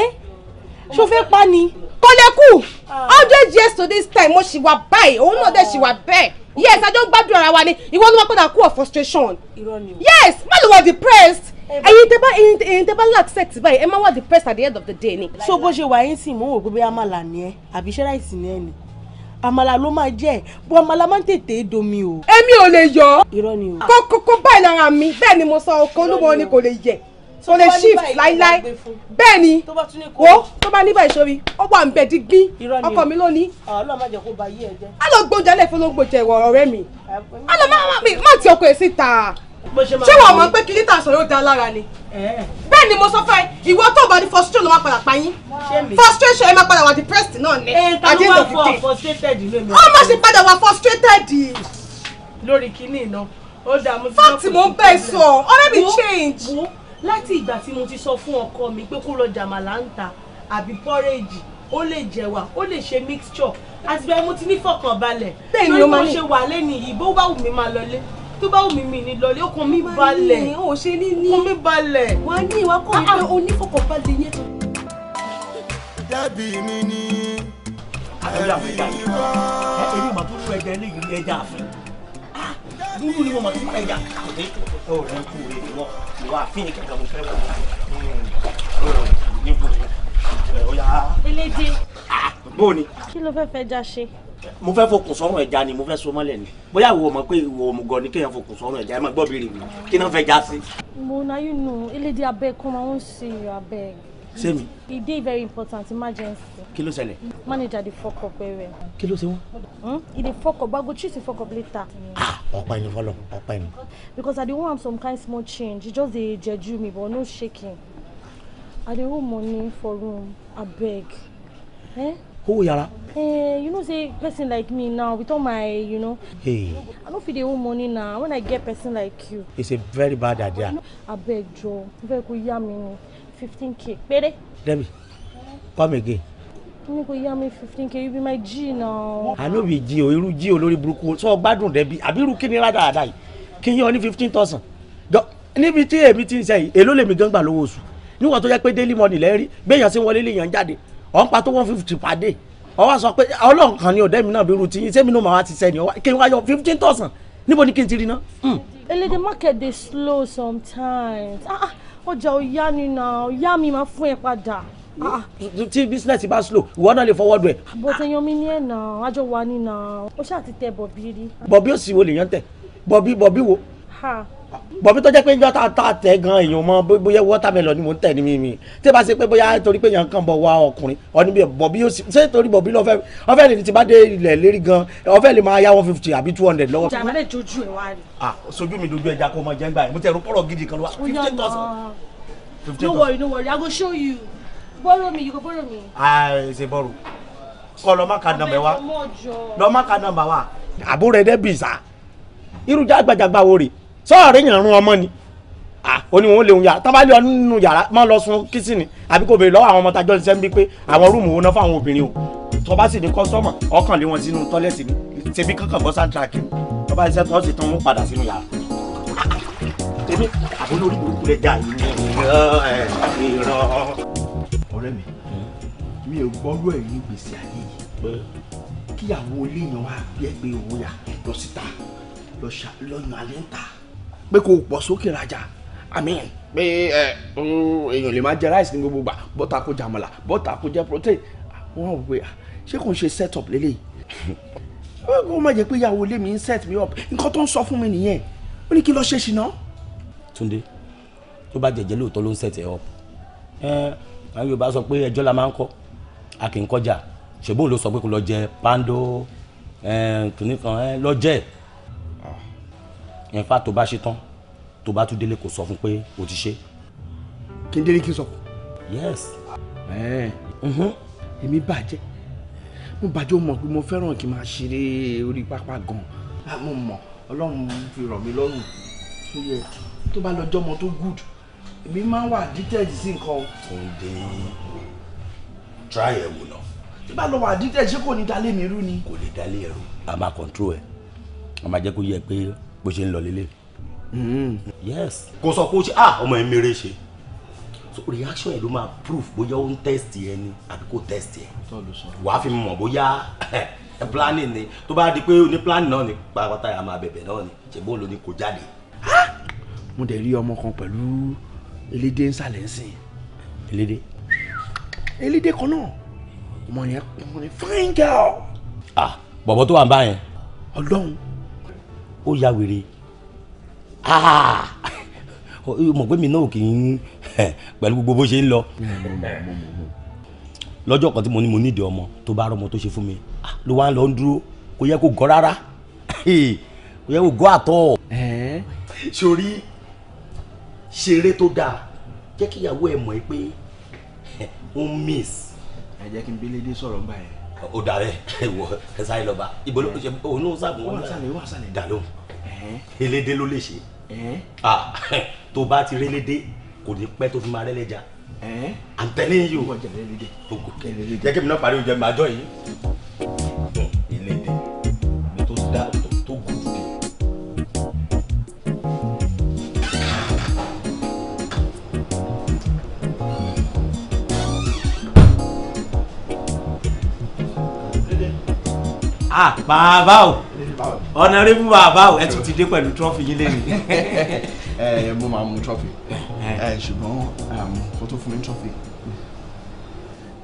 ẹ́ ṣó fẹ́ pa ni kò lè All hundred years to this time mo ṣì wà báyìí òun náà dẹ̀ ṣì wà ah. bẹ́ẹ̀ yes a jọ ń gbádùn ara wa ni ìwọ ló wá padà kú of frustration yes má lè wà depressed ẹ̀yin tẹ́ bá ẹ̀yin tẹ́ bá lack sex báyìí ẹ má wà depressed at the end of the day ni. so bó ṣe wà yín sì mò ń wò pé bóyá àmàlà ni ẹ àbí ṣẹ́ ráìsì ni ẹ ni àmàlà ló máa jẹ bó àmàlà máa ń tètè domi o. èmi ò lè yọ. irọ́ o. kó kó báyìí lára mi bẹ́ẹ̀ ni mo sọ ọkọ olúmọ ni kò lè yẹ tó lè shift láíláí bẹ́ẹ̀ ni wo tó bá níbà ìṣòrí ó wà ń bẹ dígbín ọkọ mi ló ní. Ah, a lọ gbóúnjẹ lè fọlọ́gbò jẹ ìwọ ọ̀rẹ́ mi ah, a lọ má ti ọkọ ẹ̀ síta ṣé wàá mọ̀ pé kí lítà sọ̀rọ̀ ó da lára ni eh, eh. bẹ́ẹ̀ ni mo sọ fẹ́ ìwọ tó bá ní frustration ló máa padà pa yín frustration ẹ máa padà wà depressed náà ni àti ìlò kìtì ó máa ṣe padà wà frustrated. lórí kínní iná ó dààmú. fáàtì mo ń bẹ́ẹ̀ sọ ọ̀rẹ́ mi change láti ìgbà tí mo ti sọ fún ọkọ mi pé kó lọ jàmàlà ń ta àbí pọ́rẹ́jì ó lè jẹ̀wà ó lè ṣe mixture àti bẹ́ẹ̀ mo ti ní fọkànbalẹ̀ lórí mo ṣe wà lẹ́nu yìí bó bá wù mí máa lọlé tó bá wù mí mi ní lọlé ọkàn mi balẹ̀ ọkàn mi balẹ̀. wàá ní ìwà kọ́ mi pé onífọkànbalẹ̀ yẹn. dábì mi ni àtọ́jà fún ìjà yìí ẹ̀ẹ́dẹ́gbà tó fún ẹja ní ìlú ẹja àfin dúdú ni mo mọ̀ sí ẹja kàwé ọ̀rẹ́ kú rẹ̀ wọ́n ìwà àfihàn kankan mo fẹ́ wọ̀ níbo ọ̀yà. elédè. bó ni. kí ló fẹ́ fẹ́ já ṣe. mo fẹ́ fokùn sọ́rùn ẹja ni mo fẹ́ so mọ́lẹ̀ ni bóyá ìwọ mọ̀ pé ìwọ òmùgọ̀ ni kéèyàn fokùn sọ́rùn ẹja ẹ má gbọ́ bèrè mi kí náà fẹ́ já sí. mo náà yín nù elédè abẹ́ kọ́ máa ń ṣe abẹ́ sẹ́mi. e dey very important emergency. kí ló ṣẹlẹ̀. manager dey fọkọ pẹ̀rẹ̀. kí ló ṣe wọ́n. e dey fọkọ but i go choose to fọkọ later. ah ọ̀pá ẹni fọlọ ọ̀pá ẹni. because i dey want some kind small change e just dey jeju me but no shaking. i dey owe money for room abeg. Eh? owó yàrá. Eh, you know say person like me now with all my you know. Hey. i no fit dey owe money now when i get person like you. it's a very bad idea. abeg jọ n fẹ ko yá mi ni fifteen k péré. debi come again. ní kò yá mi fifteen k you be my g na. àná bí g o irú g o lórí burúkú sọ gbádùn debi àbí irú kí ni rádaràda yìí kí n yọ ní fifteen thousand níbi tí èmi ti ń sẹ́yìn èló lèmi gángbà lówó oṣù níwọ̀n tó jẹ́ pé daily money lẹ́rí gbẹ̀yàn sí wọlé lèèyàn jáde ọ̀n pa tó one fifty per day ó wá sọ pé ọlọ́run kan ni ọ̀dẹ́ mi náà bí irú tiyín sẹ́mi náà máa wá ti sẹ́ni ọwọ́ kí n wá yọ fifteen thousand níbo ni kí n ti rí ná. Hmm. elédè market dey slow sometimes ah, ah ọjà ọ̀yá ni na ọ̀yá mi máa fún ẹ padà. Ah. tí business bá slow ìwọ náà lè fọwọ́dù ẹ̀. àbọ̀tẹ̀yàn mi ní ẹ̀ nà àjọ wa ni nà ó ṣáà ti tẹ bọ̀bí rí. bọ̀bí ò sì wo lèèyàn tẹ̀ bọ̀bí bọ̀bí wo bọ̀bí tó jẹ́ pé njọ́ ta tẹ̀ gan èèyàn mọ bóyá wọ́tàmẹ́lọ ni mò ń tẹ̀ ní mímì tí bá ṣe pé bóyá torí pé èèyàn kàn bọ̀ wá ọkùnrin ọ̀ní bí bọ̀bí yóò ṣe torí bọ̀bí lọ́fẹ́ ọ̀fẹ́ lè ti bá dé ilẹ̀ lérí gan ọ̀fẹ́ lè máa yá one fifty àbí two hundred lọ́wọ́. jàmẹ́lẹ̀ jojú ẹ̀ wá rí. ah sojú mi dojú ẹja kó mọ jẹ́ ń gbà yẹn mo tẹ̀ rúpọ̀rọ̀ gidi kan lọ́wọ́ fifteen thousand. no worry no worry i go show you borrow me you go borrow me. ah ṣe borrow kọ lọ má ka nàmbẹ wa lọ má ka nàmbà wa àbúrò ẹdẹ bìsà irú jágbàjàgbà sọ́ọ̀rì yàn rún ọmọ ni ó ní wọn lè ya tán bá lé ọ nínú yàrá má lọ sun kísìnì àbí kò béèrè lọ́wọ́ àwọn ọmọ tajọ́ ṣiṣẹ́ ń bí pé àwọn rúùmù wo ná fún àwọn obìnrin o tó bá sì ní kọ́sọ́mọ̀ ọkàn lé wọn sínú tọ́lẹ́tì ni tèmi kankan bọ́ sáńtìrákì ni tó bá ṣiṣẹ́ tó ṣe tán wọn padà sínú yàrá. tèmi àbúrò orí burúkú lè dà yìí ní ìrọ̀ ìrọ̀. ọ̀rẹ́ mi mi ò gbọ́dọ̀ ẹ̀ ní gbèsè ayé yìí kíyàwó pé kò pọ̀ sókè rajà àmín pé ẹ èèyàn lè máa jẹ rice ní gbogbo gbà bọ́tà kó jẹ àmàlà bọ́tà kó jẹ protein wọ́n wò pé ah, ṣé kò ń ṣe set up lélẹ́yìí [laughs] ó má jẹ́ pé ìyàwó ilé mi ń set me up nǹkan tó ń sọ fún mi nìyẹn ó ní kí lọ ṣe ṣìnà. Túndé tó bá jẹjẹ lóòótọ́ ló ń set ẹ up ẹ àwọn Yorùbá sọ pé ẹjọ́ la máa ń kọ́ a kì í kọjá ṣègbóhùn ló sọ pé kò lọ jẹ pando kìnnìkan lọ jẹ in fact tó bá ṣe tán tó bá tún délé kò sọ fún pé o ti ṣe. kí n délé kí n sọ. yes. Mm-hmm. èmi bàjẹ́ mo bàjẹ́ mọ̀ pé mo fẹ́ràn kí n máa ṣeré orí pápá gan mo mọ̀ ọlọ́run fi rọ̀ mí lọ́rùn tó yẹ tó bá lọ jọmọ tó good èmi máa ń wà addicted sí nǹkan. Túndé try ẹ̀ wò náà. tí bá lọ wà addicted ṣé kò ní dalé mi rú ni. kò lè dalé ẹ̀rù. a máa control ẹ̀ a máa jẹ́ kó yẹ pé bó ṣe ń lọ lélẹ̀. Hmm. yes kò sọ pé ó ṣe ah ọmọ ẹ̀ mèrè ṣe so reaction ẹ̀ ló máa proof bóyá ó ń test ẹ ni àbí kò test ẹ wàá fi mọ̀ bóyá [laughs] planning ni tó bá di pé ó ní planning náà ni pàápàá yà máa bẹ̀bẹ̀ náà ni ṣèbó ló ní kó jáde. Ah! mo dẹ̀ rí ọmọ kan pẹ̀lú elédè nsàlẹ̀ nsìn. elédè. elédè kan náà ọmọ yẹn kún ní fine girl. ah bọ̀bọ̀ tó wà ń bá yẹn. ọlọ́run ó ya wèrè ah! [laughs] mọ̀ pé mi náà kì í [laughs] pẹ̀lú gbogbo bó ṣe ń lọ lọ́jọ́ kan tí mo ní mo nídìí ọmọ tó bá rọmọ tó ṣe fún mi ah, ló wá ń lọ ń dúró kò yẹ kó gọ́ rárá [laughs] kò yẹ kó gọ́ àtọ́. sori ṣeré tó dáa jẹ́ kí ẹ̀ mọ̀ ẹ́ pé ó miss. ẹ jẹ́ kí n bí lédè sọ̀rọ̀ ń bá yẹn o da rẹ wọ ẹ sáré lọ bá ibo ló ṣe òun náà sábà wọn sálẹ wọn sálẹ dà lóhùn elédè ló lè ṣe [laughs] tó bá ti rélédè kò ní pẹ́ tó fi máa rẹ́lẹ́jà à ń tẹ́lẹ̀ yìí o jẹ́ kí náà parí oúnjẹ màá jọ yìí. ah bàbá o ọ̀nàrẹ́bù bàbá o ẹ tún ti dé pẹ̀lú trọ́fì yín lẹ́nu. ẹ ẹ mo máa mu trọ́fì ẹ ṣùgbọ́n kó um, tó fún mi trọ́fì.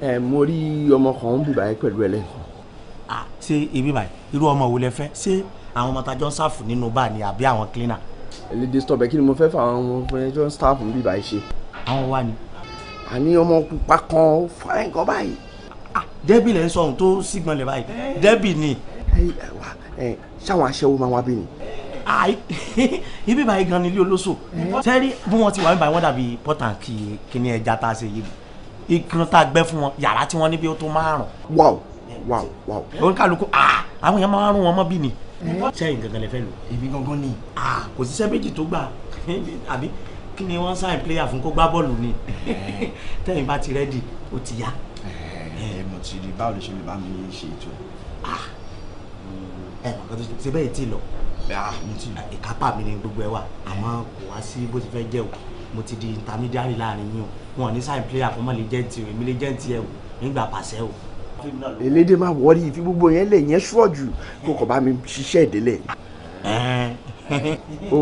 ẹ eh, mo rí ọmọ kan ń bùbá yẹn pẹ̀lú ẹ lẹ́yìn. Ah, ṣé ibi báyìí irú ọmọ wo lẹ fẹ́ ṣé àwọn ọmọ tajọ́ ń ṣàfù nínú báà ni àbí àwọn cleaner. Eh, lédè stọ̀bẹ̀ kí ni mo fẹ́ fà àwọn ọmọ tajọ́ ń ṣàfù níbí báyìí ṣe. àwọn wa ni. àní ọmọ pupa kan fáìn kan báyìí Ah, dẹ́bì lẹ́ ń sọ ohun tó sígbọn lè báyìí dẹ́bì ni. ṣáwọn aṣẹ́wó máa wá bí ni. [laughs] ibi báyìí gan ni ilé olóṣò sẹ́rí bí wọ́n ti wà níbàyí wọ́n dàbí pọ́tàn kì í kíní ẹja tá a ṣe yìí ìkan tá a gbẹ́ fún wọn yàrá tí wọ́n ní bí ó tó márùn. wáò wáò wáò. oníkàlùkù àwọn èèyàn máa ń rún wọn mọ́ bí ni. sẹ́yìn gangan lè fẹ́ lò. èmi gangan ni. kò síṣẹ́ méjì tó gbà [laughs] àbí kí ni wọ́n sáìn pléyà fún kó gbá bọ́ọ̀lù ni [laughs] tẹ́yìn bá ti rẹ́dì ó ti yá ẹ mo ti rí báwo lè ṣe lè bá mi ṣe ètò ah! ẹ ẹ kò tó ṣe bẹ́ẹ̀ tí ah! lọ ìkápá mi ni gbogbo ẹ wà àmọ́ eh. kò wá sí bó ti fẹ́ jẹ́ o mo ti di intermediary láàrin yín o wọn ní sign player fún mọ́lẹ̀ jẹ́ǹtì o èmi lè jẹ́ǹtì ẹ o nígbà pàṣẹ o. elédè máa wọrí ìfi gbogbo yẹn lè yẹn ṣúọ̀ jù kó kò bá mi ṣiṣẹ́ ìdílé. Eh. ó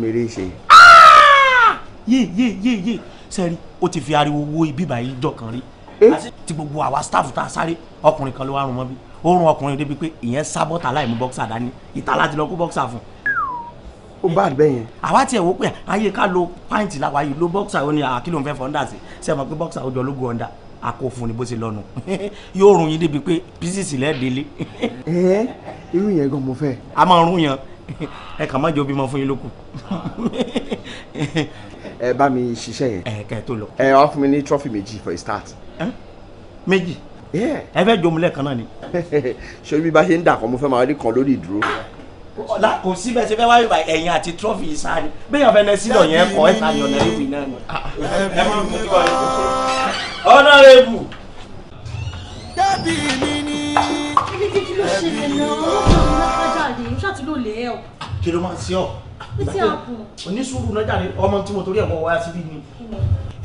mèrè ṣe. Ah! yé yé yé yé sẹ́rí ó ti fi ariwo wo ibi ìbàyí jọ kan rí Eh? àti ti gbogbo àwa staff tá a sáré ọkùnrin kan ló wá rún mọ́ bí ó rún ọkùnrin débi pé ìyẹn sábọ́tà láìmú bọ́ksà dání ìta láti lọ kó bọ́ksà fún ó bá àgbẹ̀ yẹn. àwa tiẹ̀ wò pé ayé ká lo pint làwa yìí lo bọ́ksà ó ní àkìlò ń fẹ́ fọ́ndà sí ṣe é mọ̀ pé bọ́ksà ó jọ lógo ọ̀ndà àkó fún ni bó ṣe lọ́nu [laughs] yóò rún yín débi pé písìsì lẹ́ẹ̀dẹ́lé. [laughs] ẹ irú yẹn gan mo fẹ́. a máa rún yẹn [laughs] ẹ kàn má jẹ́ obìmọ fún yín lókù. ẹ bá mi ṣiṣẹ́ yẹn. ẹ kẹ́ ẹ tó lọ. ẹ wá fún mi ní trọ́fì méjì for a start méjì ẹ fẹ́ jọmúlẹ̀ kan náà ni. [laughs] ṣé bí bá ṣe ń dà kọ́ mo fẹ́ máa rí kan lórí ìdúró la kò sí bẹ́ẹ̀ ṣe fẹ́ wáyé báyìí ẹ̀yìn àti trọ́fì ìsáni bẹ́ẹ̀ yàn fẹ́ nẹ sílọ̀ yẹn kọ́ ẹ̀ta yọ̀nà ìwé náà ni. ọ̀nàrẹ́bù. dábì mi ni. ẹni kí ló ṣe lè lọ ọmọ náà jáde ó ṣàtúndò lè ẹ o. kí ló máa ń ṣe ọ. títí àpò. oníṣòwò náà jáde ọmọ tí mo torí ẹ̀ mọ́ wáyà síbí ni.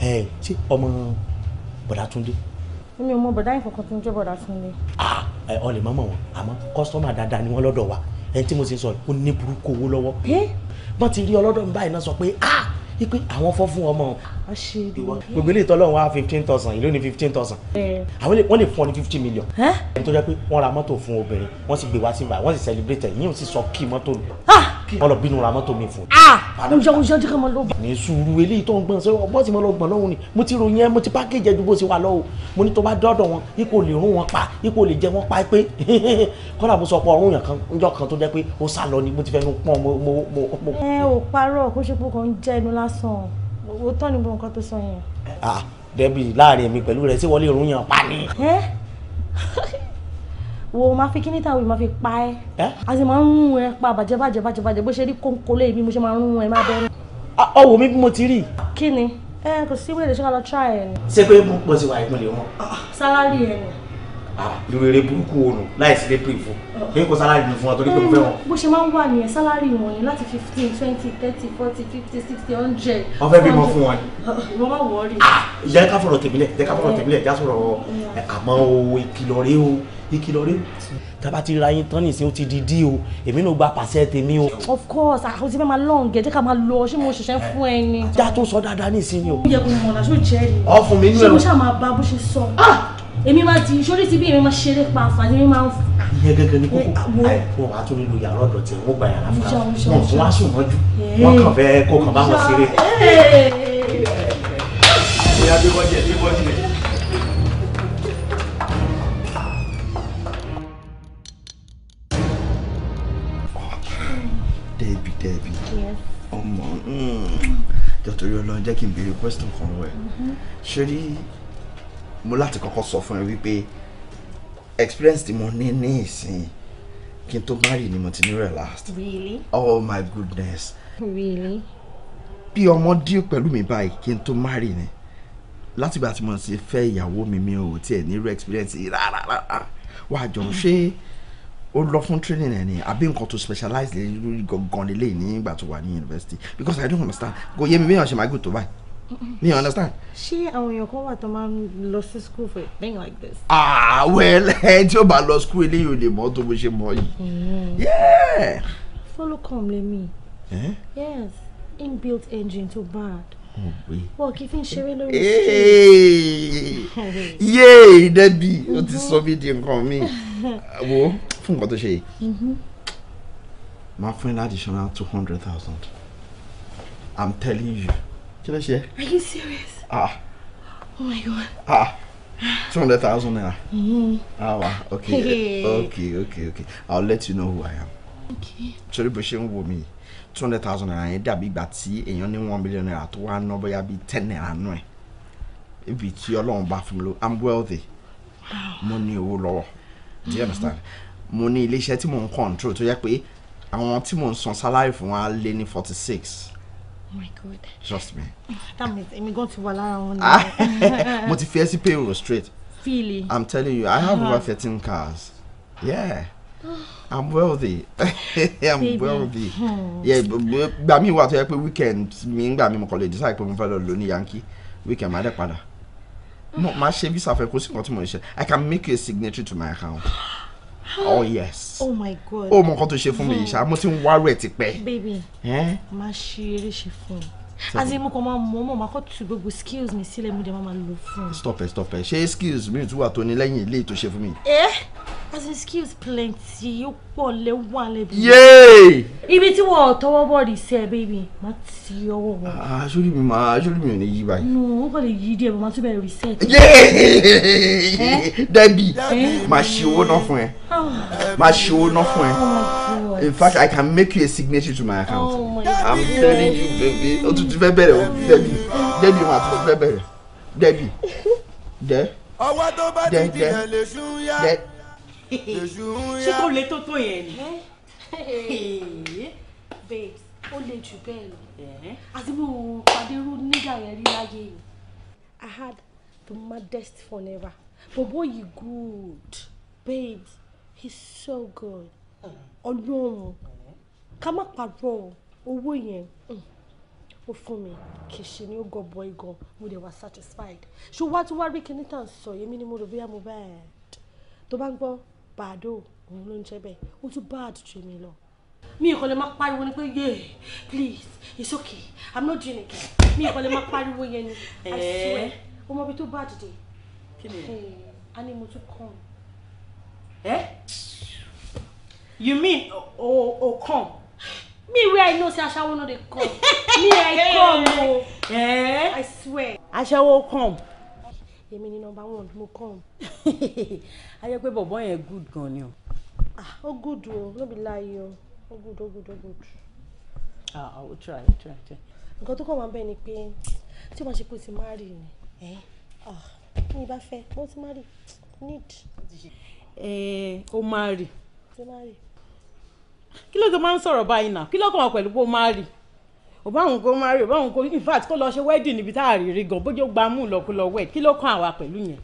ẹ ṣé ọmọ bọ̀dá túndé. mi ò mọ bọ̀dá yìí kankan tó ń jẹ́ bọ̀dá túndé. ah ẹ ọ lè má mọ̀ wọn àmọ́ kọ́sọ́mà dáadáa ni wọ́n lọ́dọ̀ wa ẹni tí mo ti sọ ó ní burúkú owó lọ́wọ́. wọ́n ti rí ọlọ́dọ̀ mi báyìí náà sọ pé ah wípé àwọn fọ́ fún ọmọ gbogbo ilé ìtọ́lọ́run wá fifteen thousand ìlú ní fifteen thousand àwọn wọ́n lè fún ọ ní fifty million ẹni tó jẹ́ pé wọ́n ra mọ́tò fún obìnrin wọ́n sì gbé wá sí ibà wọ́n sì celebrate ẹ̀ yín ò sì sọ kí mọ́tò lù wọ́n lọ bínú ra mọ́tò mi fún un. Ah! ǹjẹ́ ǹjẹ́ jẹ́ ká máa lọ. ní sùúrù eléyìí tó ń gbọ́n sọ bọ́ sí mo lọ gbọ́n lọ́hùn ni mo ti ròyìn ẹ mo ti pákéjì ẹdùn bó ṣe wà lọ́wọ́ mo ní tó bá dọ́dọ̀ wọn ipò lè rún wọn pa ipò lè jẹ wọn pa pé [laughs] kọ́lá mo sọ pé ọ̀run yàn kan ńjọ́ kan tó jẹ́ pé ó sá lọ ni mo ti fẹ́ nu pọ́n mo. ẹ ò parọ́ kó ṣe pé kò ń jẹ́ inú lá sọ o tán ni bó nǹkan tó sọ yẹn. ah debi láàrin èmi pẹ̀lú rẹ̀ ṣé wọ́n lè rún yàn pa ni. wo ma fi kíní tàwí ma fi pa ẹ́ a sì máa ń rún ẹ pa bàjẹ́ bàjẹ́ bàjẹ́ bàjẹ́ bó ṣe rí kónkólé mi mo ṣe máa ń rún ẹ má bẹ́ẹ̀. ọwọ́ mi bí mo ti rí. kí ni ẹ kò sí wíìlì ṣé ká lọ try ẹ ni. ṣé pé mo sì wà ìpínlẹ̀ wọn. sálárì ẹ ni. Ah, irú eré burúkú oòrùn láìsí rẹ́pì fún kí n kó sálárì mi fún ọ torí pé mo fẹ́ wọn. bó ṣe máa ń wà nìyẹn sálárì wọn yẹn láti fifteen twenty thirty forty fifty sixty hundred. wọ́n fẹ́ bímọ fún wọn. ìwọ má wọrí. ìyá ká fọ̀rọ̀ tèmílẹ̀ jẹ́ ká fọ̀rọ̀ tèmílẹ̀ já sọ̀rọ̀ àmọ́ o ìkìlọ̀ rẹ o ìkìlọ̀ rẹ tába ti ra yín tán nìsín ó ti di dí o èmi náà gba pàṣẹ tèmi o. of course àwọn ah, ti fẹ́ máa lọ́n gẹ̀ jẹ́ ká máa lọ ṣé mo ṣẹ̀ṣẹ̀ fún ẹ ni. já tó sọ dáadáa nìsín ni o. ó yẹ kó mọ̀nà ṣó jẹ́ ẹ̀ ni. ọ fún mi nínú ẹ. ṣé mo ṣáà máa bá bó ṣe sọ. Ah! èmi máa ti sórí ti bí èmi máa ṣeré pa àǹfààní mi máa ń fò. ìyẹn gẹ́gẹ́ ni kókó àìpọ̀ àtúndì lu yàrá ọ̀dọ̀ tí wọ́n gba yàrá fún wa wọn fún wa sùn mọ́jú wọn kàn fẹ́ kó kàn bá wọn ṣeré. ìyá bí wọ́n jẹ bí wọ́n jẹ. Debbie, Debbie. Yes. ọmọ hmm. jọ̀tọ̀rí ọlọ́run jẹ́ kí n béèrè question kan wẹ̀ mm-hmm. ṣé rí mo láti kọ́kọ́ sọ fún ẹ wípé experience tí mo ní ní ìsìn kí n tó marry ni mo ti ní rẹ̀ last. really. oh my goodness. really. bí ọmọ díò pẹ̀lú mi báyìí kí n tó marry ni látìgbà tí mo ti fẹ́ ìyàwó mi mi ò tiẹ̀ ní rẹ̀ experience yìí rárá rárá jọ ṣé ó lọ fún training ẹ ni àbí nǹkan tó specialize lórí gangan lélẹ́yìn nígbà tó wà ní university because i don't understand kò yé mi bí wọn ṣe máa gbé tó báyìí. You understand. ṣé àwọn èèyàn kan wà tó máa ń lọ sí school for a thing like this. ah well [laughs] ẹ tí ó bá lọ school eléyìí ò lè mọ tó bó ṣe mọ yìí. Mm-hmm. follow come le me. Eh? yes inbuilt engine tó bad. wọ́n kì í fi ń ṣeré lórí school. yéé Debbie o ti mm-hmm. sọ bí di nǹkan mi [laughs] wo fún nǹkan tó ṣe yìí. Mm-hmm. máa fún ẹ ní additional two hundred thousand i'm telling you kí ló ṣe. are you serious. ah oh my god. ah two hundred thousand naira. Mm-hmm. ah wa okay okay okay okay i'll let you know who i am. okay. Sorry, bó She won't wo me. two hundred thousand naira yẹn dàbí ìgbà tí èèyàn ní one million naira tó wá ná bóyá bíi ten naira nù If it's your long bá fún mi i'm wealthy Wow. Money owó lọ́wọ́ do you understand mo ní ilé iṣẹ́ tí mò ń control tó yẹ pé I want mò ń some salary from wa lé ní forty six. Oh my God. Trust me. That means èmi gan ti wà lára wọn ni. Ah, [laughs] mo ti fi ẹ́ sí payroll straight. Really? I'm telling you, I have uh -huh. over thirteen cars. Yeah. I'm wealthy. [laughs] I'm wealthy. Hmm. Yeah, gbà mí wà tó yẹ pé weekend mi ń gbà mí mo kàn lè decide pé mo lọ lò ní Yankee weekend máa dẹ̀ padà. Mo máa ṣe visa fẹ́ kó sí kan tí mo ń ṣe. I can make a signatory to my account oh yes. oh my god. ó mọ nǹkan tó ṣe fún mi yìí ṣá mo ti ń wárò ẹ̀ tipẹ́. baby má ṣe eré ṣe fún mi as in mo kàn máa mọ ọmọ màá kọ́ tu gbogbo skills mi sílẹ̀ mo dẹ̀ máa lò fún mi. stop ẹ stop ẹ ṣé skills mi tún wà tó ní lẹ́yìn ilé tó ṣe fún mi. ẹ. Eh? as in skills plenty ó pọ̀ lé wà lẹ́bi. yéè. ibi tí wọ́n tọwọ́ bọ̀dì sí ẹ bébì má ti ọwọ́ wọn. aṣọ́rí ah, ah, mi máa aṣọ́rí mi ò ní yí báyìí. nù ó kàn lè yí díẹ̀ bó máa tún bẹ̀rẹ̀ reset. yéè eh? debi eh? máa ṣe owó náà fún ẹ ah. máa ṣe owó náà fún ẹ oh in fact i can make you a signature to my account oh my i'm telling you baby o tún ti fẹ́ bẹ̀rẹ̀ o debi debi wọn àti fẹ́ bẹ̀rẹ̀ debi dẹ dẹ dẹ dẹ ṣé lè tó tó yẹn ni. babes ó le jù bẹ́ẹ̀ lọ àti bí mo pàdé irú nígbà yẹn rí láyé mi I had the maddest fun ever But boy, yìí good babes he's so good ọlọ́run ká má pàrọ̀ owó yẹn hmm, ó fún mi kì í ṣe ni ó gọbọ igan mo dẹ̀ wá satisfied ṣùgbọ́n tí wàá rí kíní tà ń sọ yẹmí ni mo rò bóyá mo bá ẹ̀ tó bá ń gbọ́ bad o òun ló ń jẹ́ bẹ́ẹ̀ ó tún bad ju mi lọ. mi ìkọlẹ̀ máa pariwo ni pé yé please it's okay i'm not doing it mi ìkọlẹ̀ máa pariwo yẹn ni i eh. swear o mọ ibi tó bad dé a ní mo tún kàn. Eh? you mean o oh, oh, kàn. me wey i know say aṣawo no dey come me i come o [laughs] eh? i swear. aṣawo come èmi ni nọmba one mo kàn. ayé pé bọ̀bọ́ yẹn good gan ni o. Ah, ó good o no be lie o ó good ó good ó good. ah i will try i will try. nǹkan tó kàn wá bẹ́ẹ̀ ni pé tí wọ́n ṣe pé o ti máa rí ni ẹ́ ní ah, ibà fẹ́ mo ti máa need. ẹ o máa rí. kí ló tó máa ń sọ̀rọ̀ báyìí náà kí ló kàn wá pẹ̀lú pé o máa ò bá òun kó marry ò bá òun kó in fact kó lọ ṣe wedding níbi tá a rí rí gan bójú gba mú lọkùlọ wed kí ló kàn àwa pẹ̀lú yẹn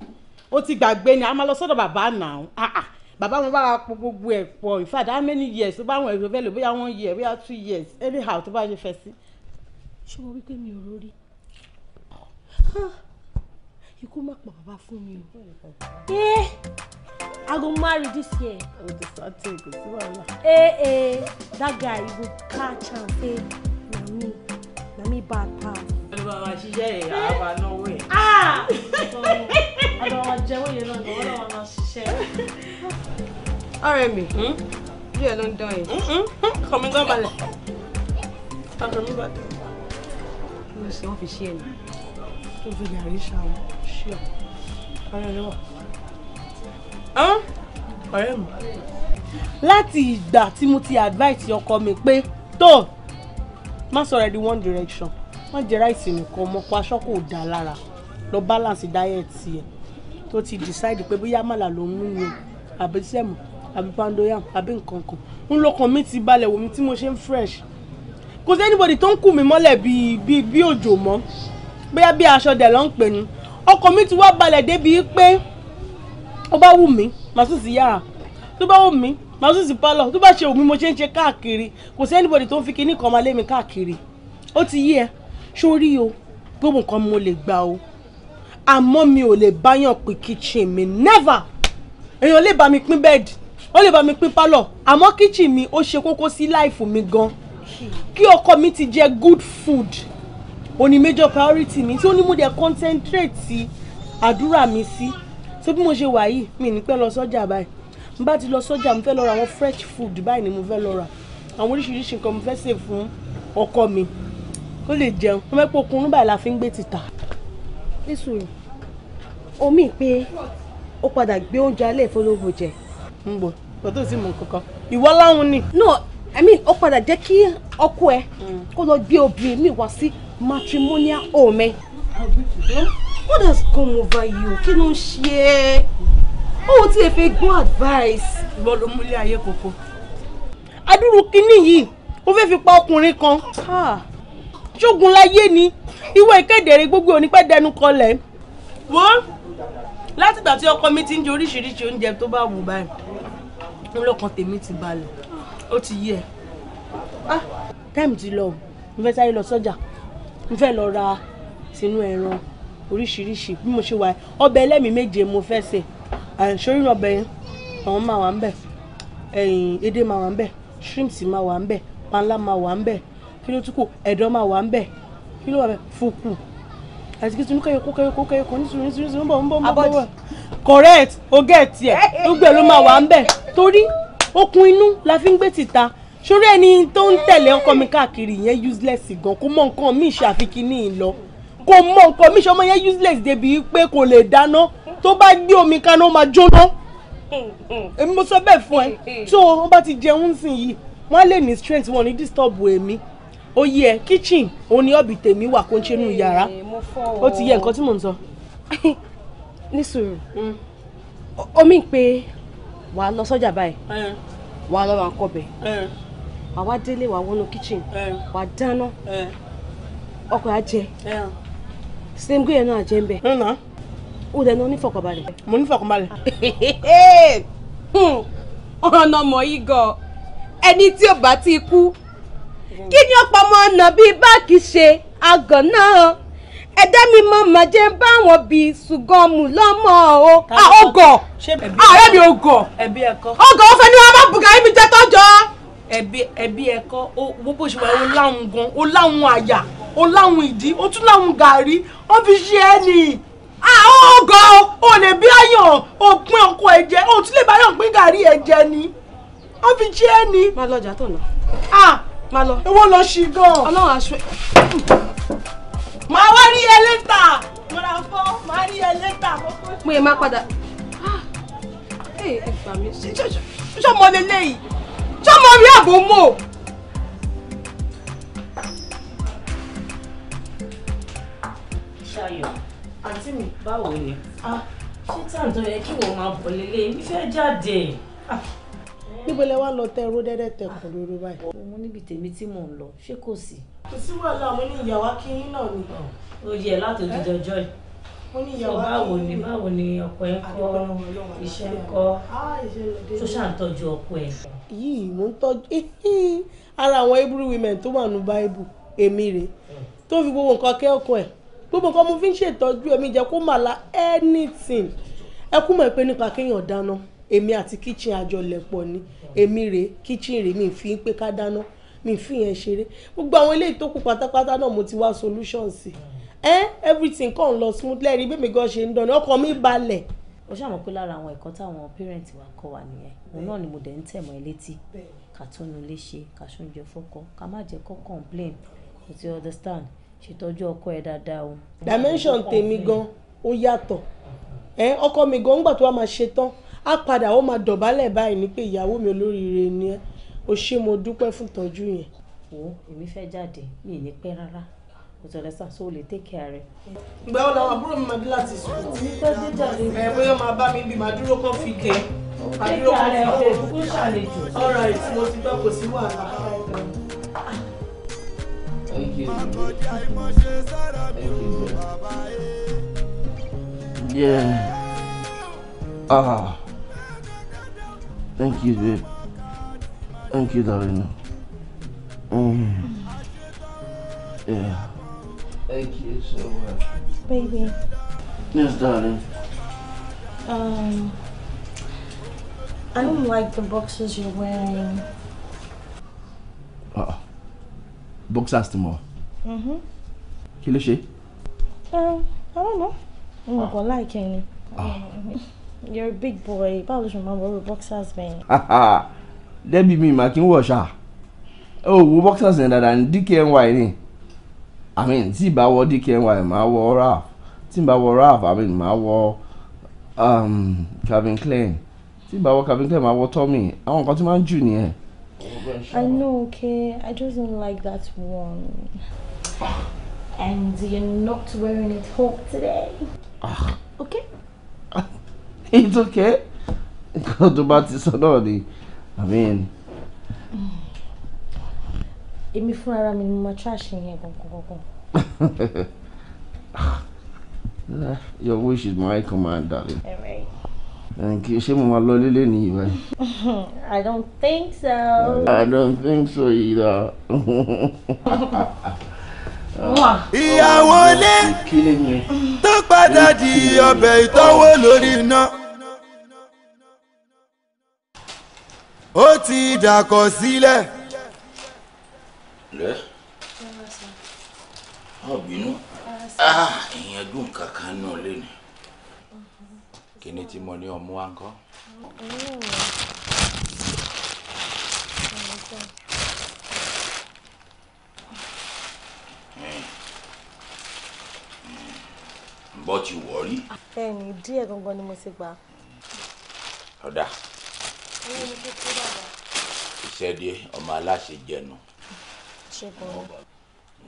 ó ti gbàgbé ni a máa lọ sọ́dọ̀ bàbá náà ah ah bàbá wọn bá wa pọ gbogbo ẹ̀ pọ̀ in fact how many years ó bá wọn ẹ̀rọ bẹ́ẹ̀ lò bóyá one year bóyá two years anyhow tó bá ṣe fẹ́ sí. ṣé mo wí pé mi ò rórí ikú má pa bàbá fún mi o. ẹ eh! I go marry this year. o ti sọ tí kò sí wàhálà. ee eh, eh. that guy you go catch am. Eh me Let me bad pass. ẹ bá wa ṣiṣẹ́ yìí ah! a bá náwó yẹn. àbá wa jẹ́wọ́ yẹn náà lọ́wọ́ lọ́wọ́ máa ṣiṣẹ́. ọ̀rẹ́ mi bí ẹ ló ń dán yìí. Hmm, hmm, hmm, kọ mi gan balẹ̀ kọ mi balẹ̀. kí ló ṣe wọ́n fi ṣe ẹ̀ nù. tó fi yàrá ìṣàwọ̀ ṣí ọ̀ má sọ̀rọ̀ di one direction má jẹ ráìsì nìkan ọmọ pa aṣọ kò dá lára lọ balance diet yẹ tó ti decide pé bóyá màlà ló ń mú mi àbí sẹ́mu àbí pandoyam àbí nǹkan kan ń lọkàn mi ti balẹ̀ wò mí tí mo ṣe ń fresh kò sí anybody tó ń kù mí mọ́lẹ̀ bíi bíi bí òjò mọ́ bóyá bí aṣọ dẹ̀ ló ń pè ní ọkàn mi ti wá balẹ̀ débi pé ó bá wù mí màá sì sí yàrá tó bá wù mí màá sùn sí pálọ̀ tó bá ṣe òmí mo ṣe ń ṣe káàkiri kò sí anybody tó ń fi kinní kan máa lé mi káàkiri ó ti yí ẹ sórí o gbogbo nǹkan mo lè gbà o àmọ́ mi ò lè báyàn pín kitchen mi never èèyàn lè bá mi pín bẹ́ẹ̀dì ó lè bá mi pín pálọ̀ àmọ́ kitchen mi ó ṣe kókó sí láìfù mi gan kí ọkọ mi ti jẹ good food ó ní major priority mi tí ó ní mo dẹ̀ concentrate àdúrà mi sí tó bí mo ṣe wà yìí mi ní pẹ́ lọ sọ́jà báyìí n bá ti lọ sọ́jà mo fẹ́ lọ ra àwọn fresh food báyìí ni mo fẹ́ lọ rà àwọn oríṣiríṣi nǹkan mo fẹ́ sè fún ọkọ mi kó lè jẹun mo fẹ́ pé okùnrin báyìí la fi ń gbé títà. nísòro omi pé ó padà gbé oúnjẹ alẹ́ ìfọlọ́gbò jẹ. ń bọ̀ pẹ̀tọ́ sí mọ̀ kankan ìwọ láwọn ni. no i mean ó padà jẹ́ kí ọkọ ẹ mm. kó lọ gbé obìnrin mi wá sí matrimonial home what has come over you kí ló ń ṣe é ó ti fẹ́ gbọ́ advice. ìwọ ló múlé ayé koko. adúrú kínní yìí ó fẹ́ fi pa ọkùnrin kan. ṣógun láyé ni ìwọ ìkédèrè gbogbo onípẹ́ dẹnu kọlẹ̀. wo látìgbà tí ọkọ mi ti ń jẹ oríṣiríṣi oúnjẹ tó bá wù báyìí ń lọkàn tèmi ti balẹ̀ ó ti yé ẹ. Ah, time ti lọ mo fẹ́ sáré lọ sọ́jà mo fẹ́ lọ ra sínú ẹran oríṣiríṣi bí mo ṣe wà ọbẹ̀ ẹlẹ́mìí méje mo fẹ́ sè àìsórí ọbẹ̀ yẹn àwọn máa wà ń bẹ̀ ẹ̀yìn edé máa wà ń bẹ̀ shrimps máa wà ń bẹ̀ panla máa wà ń bẹ̀ kí ló tún kù ẹ̀dọ̀ máa wà ń bẹ̀ kí ló wà bẹ̀ fùkù àti kí tunu kẹyọkọ kẹyọkọ kẹyọkọ nítorí nítorí nítorí ń bọ̀ ń bọ̀ ń bọ̀ ń bọ̀ correct o get yẹ gbogbo ẹ̀ ló máa wà ń bẹ̀ torí okun inú la fi ń gbé tìta sórí ẹni tó ń tẹ̀lé ọkọ mi káàkiri yẹn useless gan kó mọ nǹkan míì ṣàfikín ní ìlọ kó mọ nǹkan míì ṣọmọ yẹn useless débi pé kò lè dáná tó bá gbé omi kaná máa jóná mm, mm. èmi mo sọ bẹ́ẹ̀ fún ẹ tó mm, o bá ti jẹun sìn yìí wọ́n á lè ní strength wọn ní disturb èmi oyè ẹ kitchen òun ni ọbì tèmi wà kó ń ṣe nù yàrá eh, ó ti yẹ nǹkan tí mò ń sọ. [laughs] ní sùúrù omi pé wàá lọ sọjà báyìí eh. wàá lọ́ọ́ àkọ́ bẹ̀ eh. wàá wá délé wàá wọnú kitchen wàá dáná ọkọ̀ á jẹ same grey náà jẹ́ ń bẹ̀. ó dẹnu onífọkànbalẹ̀. mo nífọkànbalẹ̀. ọ̀nà mọ̀ yìí gan ẹni tí ò bá ti kú kí ni ọ̀pọ̀ ọmọ ọ̀nà bíi báàkì ṣe àgàn náà ẹ̀dá mi mọ màjẹ́ bá wọn bí ṣùgbọ́n mú lọ́mọ o. ọgọ ààrẹ mi ọgọ ọgọ ó fẹ́ ní wọn bá bùkárì mi jẹ́ tọ́jọ́ ẹbí ẹbí ẹkọ gbogbo ìṣòwò ẹ o láwọn gan o láwọn àyà o láwọn ìdí o tún láwọn gàrí wọn fi ṣe ẹ nì àwọn ọgọ ò lè bí ayàn òpin ọkọ ẹ̀jẹ̀ ò tún lè bá ayàn pín gàrí ẹ̀jẹ̀ ni wọ́n fi jí ẹ́ ni. máa lọ ọjà tó lọ. máa lọ. owó lọ sí gan. ọlọ́run aṣọ. màá wá rí ẹ lẹ́tà mo ra fọ́ màá rí ẹ lẹ́tà mo fún. mo yẹ máa padà. ẹ gbà mí. ṣọmọ lélẹ́yìí ṣọmọ rí àbò mọ́. Ṣayọ̀ àǹtí mi báwo ni ṣé tàǹtọ́ yẹ kí wọ́n máa bọ̀ lélẹ̀ èmi fẹ́ jáde. níbo lẹ wá lọ tẹ ẹrú dẹ́dẹ́ tẹ kọ lóru báyìí. mo níbi tèmi tí mò ń lọ ṣé kò sí. kò sí wàhálà mo ní ìyàwó akínyín náà ni. o yẹ látòjú jọjọ yìí. mo ní ìyàwó akínyín. báwo ni báwo ni ọkọ ẹ ń kọ iṣẹ́ ń kọ tó ṣàǹtọ́jú ọkọ ẹ. yìí mò ń tọ́jú ara àwọn hebrew women tó wà nù báíbù èmi rè tó fi gbogbo nǹkan kẹ́ ọkọ ẹ̀ gbogbo nǹkan mo fi ń ṣètọ́jú ẹ̀mí jẹ́ kó màlá anything ẹ kú mọ̀ pé nípa kéèyàn dáná èmi àti kitchen àjọlẹ̀pọ̀ ni èmi rèé kitchen rèé mi fi ń pé ká dáná mi fi yẹn ṣeré gbogbo àwọn eléyìí tó kù pátápátá náà mo ti wá solution sí ẹ everything kàn lọ smooth lẹ́rìí bí mi gan ṣe ń dán ni ọkàn mi balẹ̀ ó ṣàmọ̀ pé lára àwọn ẹ̀kọ́ táwọn pẹ́rẹ́ǹtì wa kọ́ wa nìyẹn òun náà ni mo dẹ̀ ń tẹ̀mọ́ ẹ létí ká ṣe ká ṣoúnjẹ ká má jẹ́ kó complain you understand ṣètọ́jú ọkọ ẹ dáadáa o. dimension tèmi gan ó yàtọ̀ ẹ ọkọ mi gan ńgbà tó wàá máa ṣe á padà ó máa dọ̀bálẹ̀ báyìí ní pé ìyàwó mi olóríire ni ẹ o ṣé mo dúpẹ́ fún ìtọ́jú yẹn. o èmi fẹ́ jáde mi ì ní pẹ́ rárá kò tẹ̀lé sàn so o lè tẹ́kẹ̀ rẹ̀. ìgbà wo làwọn àbúrò mi máa dé láti sùn. mo fẹ́ dé jáde. ẹ bóyá máa bá mi bí màá dúró fi kẹ́. tẹ́kẹ̀ rẹ̀ o kó all right mo ti gbọ́ kò sí wàhálà. Thank you. Thank you yeah. Ah. Thank you, babe. Thank you, darling. Mm. Yeah. Thank you so much. Baby. Yes, darling. Um, I don't like the boxes you're wearing. Uh -oh. boxers ti mọ̀ mm-hmm. kí ló ṣe. Um, know. ọmọ nǹkan ah. like ni ah. [laughs] you're a big boy báwo ló ṣe máa wọ boxers bẹ́ẹ̀. débì mi màá kí n wọ̀ ṣáà ó wo boxers yẹn dáadáa ní dkny ni i mean tí ìbá wọ dkny màá wọ Ralph. tí ìbá wọ raf i mean màá wọ um, calvin klein tí ìbá wọ calvin klein màá wọ tommy àwọn nǹkan tí máa ń jù nìyẹn. I know, okay. I just don't like that one. and you're not wearing it home today. Ah. okay? [laughs] it's okay. God, about this already. I mean. Èmi fúnra mi ni mo máa [laughs] ah. Your wish is my command, darling. All kì í ṣe mo máa lọ lílé nìyí báyìí. I don't think so. I don't think so either. ìyàwó lé tó padà di ọbẹ̀ ìtọ́wò lórí iná. ó ti dàkọ̀ sílẹ̀. rẹ ọ bínú èèyàn ah, dùn kankan náà lé ni kíní tí mo ní ọmú wa ń kọ́. bọ́ ti wọ̀ rí. bẹ́ẹ̀ni díẹ̀ gangan ni mo ti gbà. ọ̀dà ìṣẹ́dé ọmọ aláṣẹ jẹnu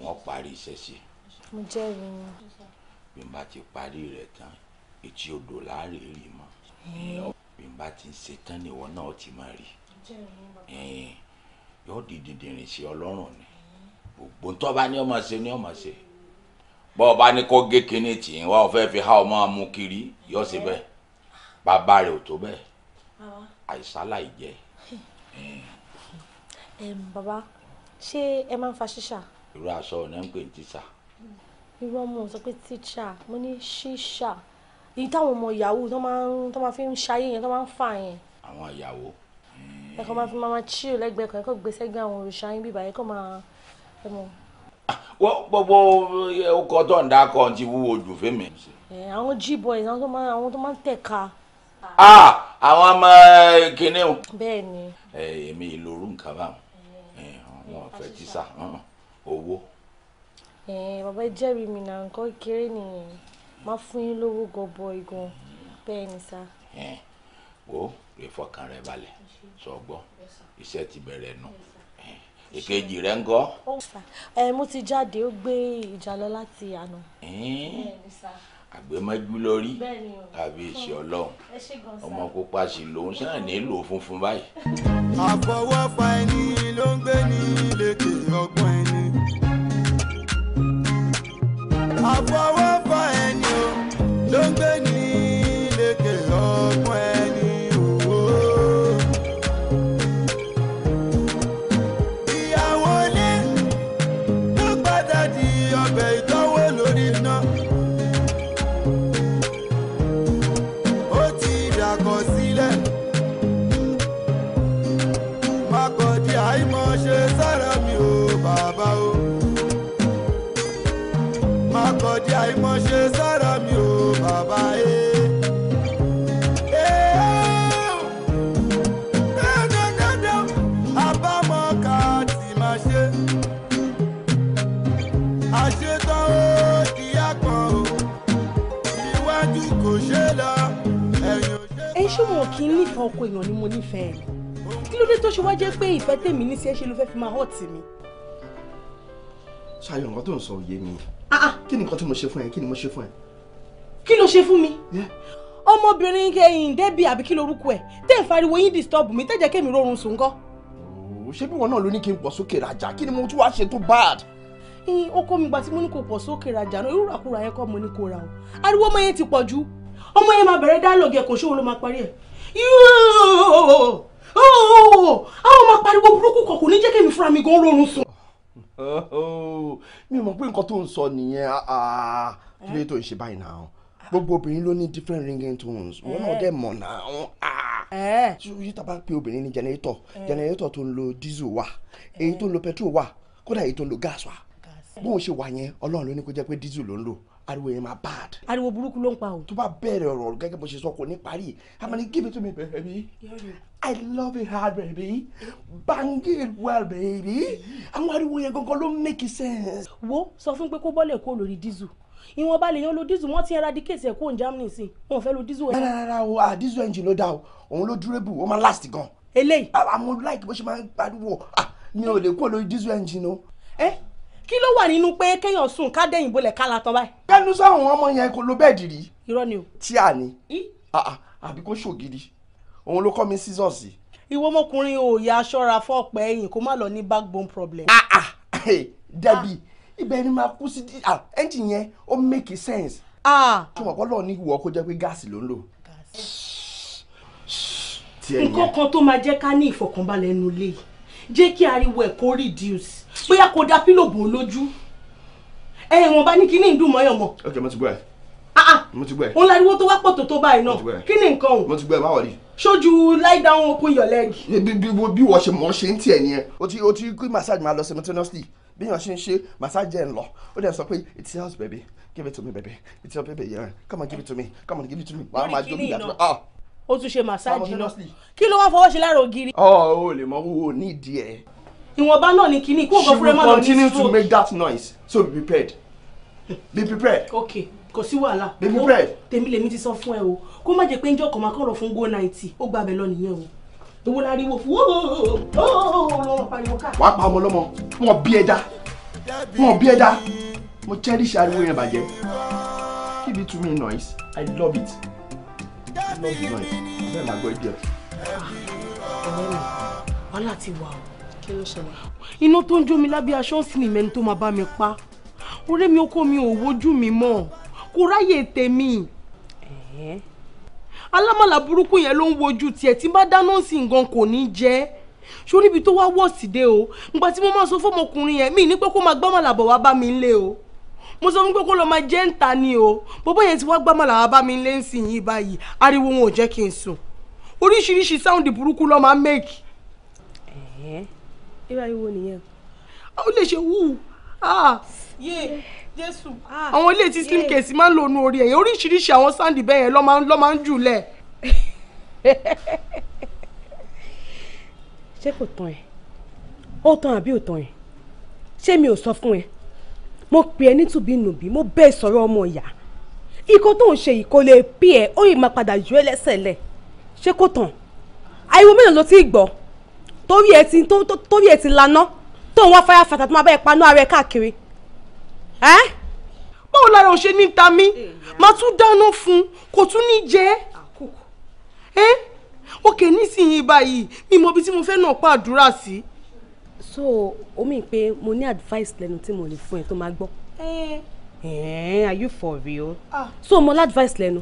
wọ́n parí iṣẹ́ sí. mo jẹ́rìí. bí n bá ti parí rẹ̀ tán etí odò láàrè rí mọ́ bí n bá ti ń ṣe tán ni ìwọ náà ti máa rí yóò di dìndìnrín sí ọlọ́run ni gbogbo tó bá ní ọmọ ṣe ní ọmọ ṣe bọ́ ọ bá ní kó gé kínní tì í wá ọ fẹ́ fi há ọmọ mú kiri yóò ṣe bẹ́ẹ̀ bàbá rẹ̀ ò tó bẹ́ẹ̀ àìsálà ìjẹ́. bàbá ṣé ẹ máa ń fa ṣíṣà. irú aṣọ ọ̀nà ń pè ní tíṣà. irú ọmọ sọ pé tíṣà mo ní ṣíṣà èyí táwọn ọmọ yahoo tó máa ń tó máa fi ń ṣayé yẹn tó máa ń fà yẹn. àwọn yahoo. ẹ̀kọ́ máa fi máa chill lẹ́gbẹ̀ẹ́ kan ẹ̀kọ́ gbèsè gbé àwọn òrìṣà yín bíbá ẹ̀kọ́ máa ẹ̀ mọ̀. wọ́n gbogbo ọkọ̀ tó ń dá kọ́ ti wúwo jù fẹ́mi. àwọn g-boys àwọn tó máa àwọn ń tẹ̀ka. ah àwọn ọmọ kìnìún o. bẹ́ẹ̀ ni. èmi ìlòrú nǹkan báwọn wọn fẹ́ tíṣà owó. bàbá jẹ́rìí mi nà nǹkan kéré nìyẹn máa fún yín lówó gọbọi gan bẹ́ẹ̀ ni sá. wo lè fọkàn rẹ balẹ̀ sọ gbọ́ iṣẹ́ ti bẹ̀rẹ̀ nù èkejì rẹ ń gọ. ẹ mo ti jáde ó gbé ìjà lọ láti àná. àgbẹ̀mọ́jú lórí tàbí ìṣe ọlọ́run ọmọ pupa sì lòun sáà nílò funfun báyìí. àfọwọ́fà ẹni ló ń gbé ní lékè ọgbọ́n ẹni. àfọwọ́fà ẹni. Don't beg. ọkọ èèyàn ni mo nífẹ̀ẹ́ ẹ̀ kí ló dé tó ṣe wá jẹ́ pé ìfẹ́ tèmi ní sí ẹ ṣe ló fẹ́ fi máa hàn tì ṣayọ nǹkan tó ń sọ òye mi ah, ah. kí ni nǹkan tí mo ṣe fún ẹ kí ni mo ṣe fún ẹ. kí ló ṣe fún mi. ọmọbìnrin kẹyìn débi àbí kí lorúkọ ẹ tẹ́ ń fariwo yín disturb mi tẹ́jẹ́ kémi rọrùn sùn kọ́. ṣé bí wọn náà ló ní kí n pọ̀ sókè rajà kí ni mo tún wá ṣe tó bad in mi gba tí mo ní kò pọ̀ sókè rajà náà irúrakúra yẹn kọ́ mo ní kó ra o ariwo ọmọ yẹn ti pọ̀ jù ọmọ yẹn máa bẹ̀rẹ̀ dialogue ẹ̀ kò ṣóun ló máa parí ẹ̀ àwọn máa pariwo burúkú kan kò ní jẹ́ kémi fúnra mi gan rọrùn sùn. mi mọ̀ pé nǹkan tó ń sọ nìyẹn ah, ah. kí ló tó ń ṣe báyìí náà gbogbo obìnrin ló ní different ringing tones wọn náà eh. dẹ̀ mọ̀ náà yìí ah. eh. tá a bá ń pe obìnrin ní jẹnẹrétọ̀ eh. jẹnẹrétọ̀ tó ń lo diesel wà èyí tó ń lo petrol wà kódà èyí tó ń lo gas wà bóun ṣe wà yẹn ọlọ́run ló ní kó jẹ́ pé diesel ló ń lò ariwo yẹn máa bad. ariwo burúkú ló ń pa o. tó bá bẹ̀rẹ̀ ọ̀rọ̀ gẹ́gẹ́ bó ṣe sọ kò ní parí i'm gonna give it to me baby i love it hard baby bang it well baby àwọn ariwo yẹn gangan ló make sense. wo sọ fún pé kó bọ́lẹ̀ kó lórí diesel ìwọ̀n balẹ̀ yan lo diesel wọ́n ti eradicate ẹ̀ kó n Germany sí wọn fẹ́ lo diesel. rárá rárá o ah diesel engine ló dá o òun ló durable ó máa last gan. eléyìí. àwọn like bó ṣe máa ń pariwo ah mi ò lè kó lórí diesel engine o. ẹ kí ló wà nínú pé kéèyàn sùn ká dẹ̀yìn bolẹ̀ ká la tán báyìí. kẹ́nu sáwọn ọmọ yẹn kò lo bẹ́ẹ̀ dìrí. irọ́ ni o. tí a ní ah, ah, àbí kó ṣògiri òun ló kọ́ mi scissors. ìwọ ọmọkùnrin ò yá aṣọra fún ọ̀pẹ ẹ̀yìn kó má lọ ní backbone problem. Ah, Debbie ibẹ̀ ni máa kú sí ẹ́ńjìn yẹn ó make sense. tó mọ̀ kọ́lọ́ ní ìwọ kó jẹ́ pé gáàsì ló ń lò. nǹkan kan tó máa jẹ́ ká ní ìfọ̀kànbalẹ̀ nulẹ̀ jẹ́ kí ariwo ẹ̀ reduce bóyá kò da pílò bò lójú ẹ wọn bá ní kí ní ìdùn mọ́yàn mọ́. ok mo ti gbọ́ ẹ. Ah, ah. mo ti gbọ́ ẹ. òun lariwo tó wá pọ̀ tó tó báyìí náà kí ni nǹkan o. mo ti gbọ́ ẹ má wọlé. ṣojú lie down open your leg. bí bí bí wọ́n ṣe mọ̀ ṣe ń tiẹ̀ nìyẹn o ti o ti kí massage máa lọ simultaneously bí wọ́n ṣe ń ṣe massage ń lọ ó dẹ̀ sọ pé it's yours baby give it to me baby it's your baby yeah. come on give it to me come on give it to me wàá máa jó mi yàtọ̀ ah. ó tún ṣe massage náà kí ló wá fọwọ́ ṣe láàrọ̀ ògiri. ọ̀ oh, ò lè mọ owó nídìí ẹ̀ ìwọ̀nba náà ni kínní kó nǹkan fúnra lọ ní stroke. she will continue to make that noise so be prepared be prepared. okay kò sí wàhálà. be prepared. tèmi lèmi ti sọ fún ẹ o kó má jẹ pé njọ́ kan máa kọ̀rọ̀ fún go ninety ó gbàbẹ̀ lọ nìyẹn o owó la rí wo fún wọ́n pariwo ká. wàá pa ọmọ lọ́mọ wọn bí ẹja wọn bí ẹja mo cherish ariwo yẹn bàjẹ́ give it to me noise i love it i love the noise bẹ́ẹ̀ máa gbọ́ ẹjẹ. Ah, ọ̀rẹ́ mi wàhálà ti wà o kí ló ṣẹlẹ̀. iná tó ń jó mi lábẹ́ aṣọ ń tó máa bá mi pa ọ̀rẹ́ mi ọkọ mi ò wojú mi mọ́ kò ráyè tèmi. alámàlà burúkú yẹn ló ń wojú tiẹ̀ tí bá dáná sí nǹkan kò ní jẹ́ sórí tó wá wọ̀ sí o ngbà tí mo máa sọ fọmọkùnrin yẹn mi ní pé kó máa gbámàlà bọ̀ wá bá mi lé o mo sọ fún pé kó lọ máa jẹ́ ń ta ni o bọ́bọ́ yẹn ti wá gbámàlà wá bá mi lé ń sìn báyìí ariwo wọn ò jẹ́ kí n sùn oríṣiríṣi sáwùndì burúkú ló máa mẹ́kì irú ariwo nìyẹn. ó lè ṣe wú ah. yé jésù. Ah. àwọn ilé tí slim case máa ń lo inú orí ẹ̀yìn oríṣiríṣi àwọn sáǹdì bẹ́ẹ̀ yẹn lọ́ máa ń jù lẹ̀. [laughs] ṣé kò tán ẹ ó tán àbí ò tán ẹ ṣé mi ò sọ fún ẹ mo pè ẹ nítùbínùbí mo bẹ́ẹ̀ sọ̀rọ̀ ọmọ ìyá ikọ́ tó ń ṣe ìkó lè pí ẹ ó yìí máa padà ju ẹ lẹ́sẹ̀ lẹ̀ ṣé kò tán ariwo mélòó ló ti gbọ́ torí ẹ ti torí ẹ ti laná tóun wá fire fighter tó máa bẹ́ẹ̀ paná ara ẹ káàkiri báwo lára òun ní ta mí máa tún dáná fún kò tún ní jẹ ẹ òkè nísìnyí báyìí mi mọ ibi tí mo fẹ́ náà pàdúrà sí. so omi pé mo ní advice lẹ́nu tí mo lè fún ẹ tó máa gbọ́. are you for real. Ah. so mo ládvice lẹ́nu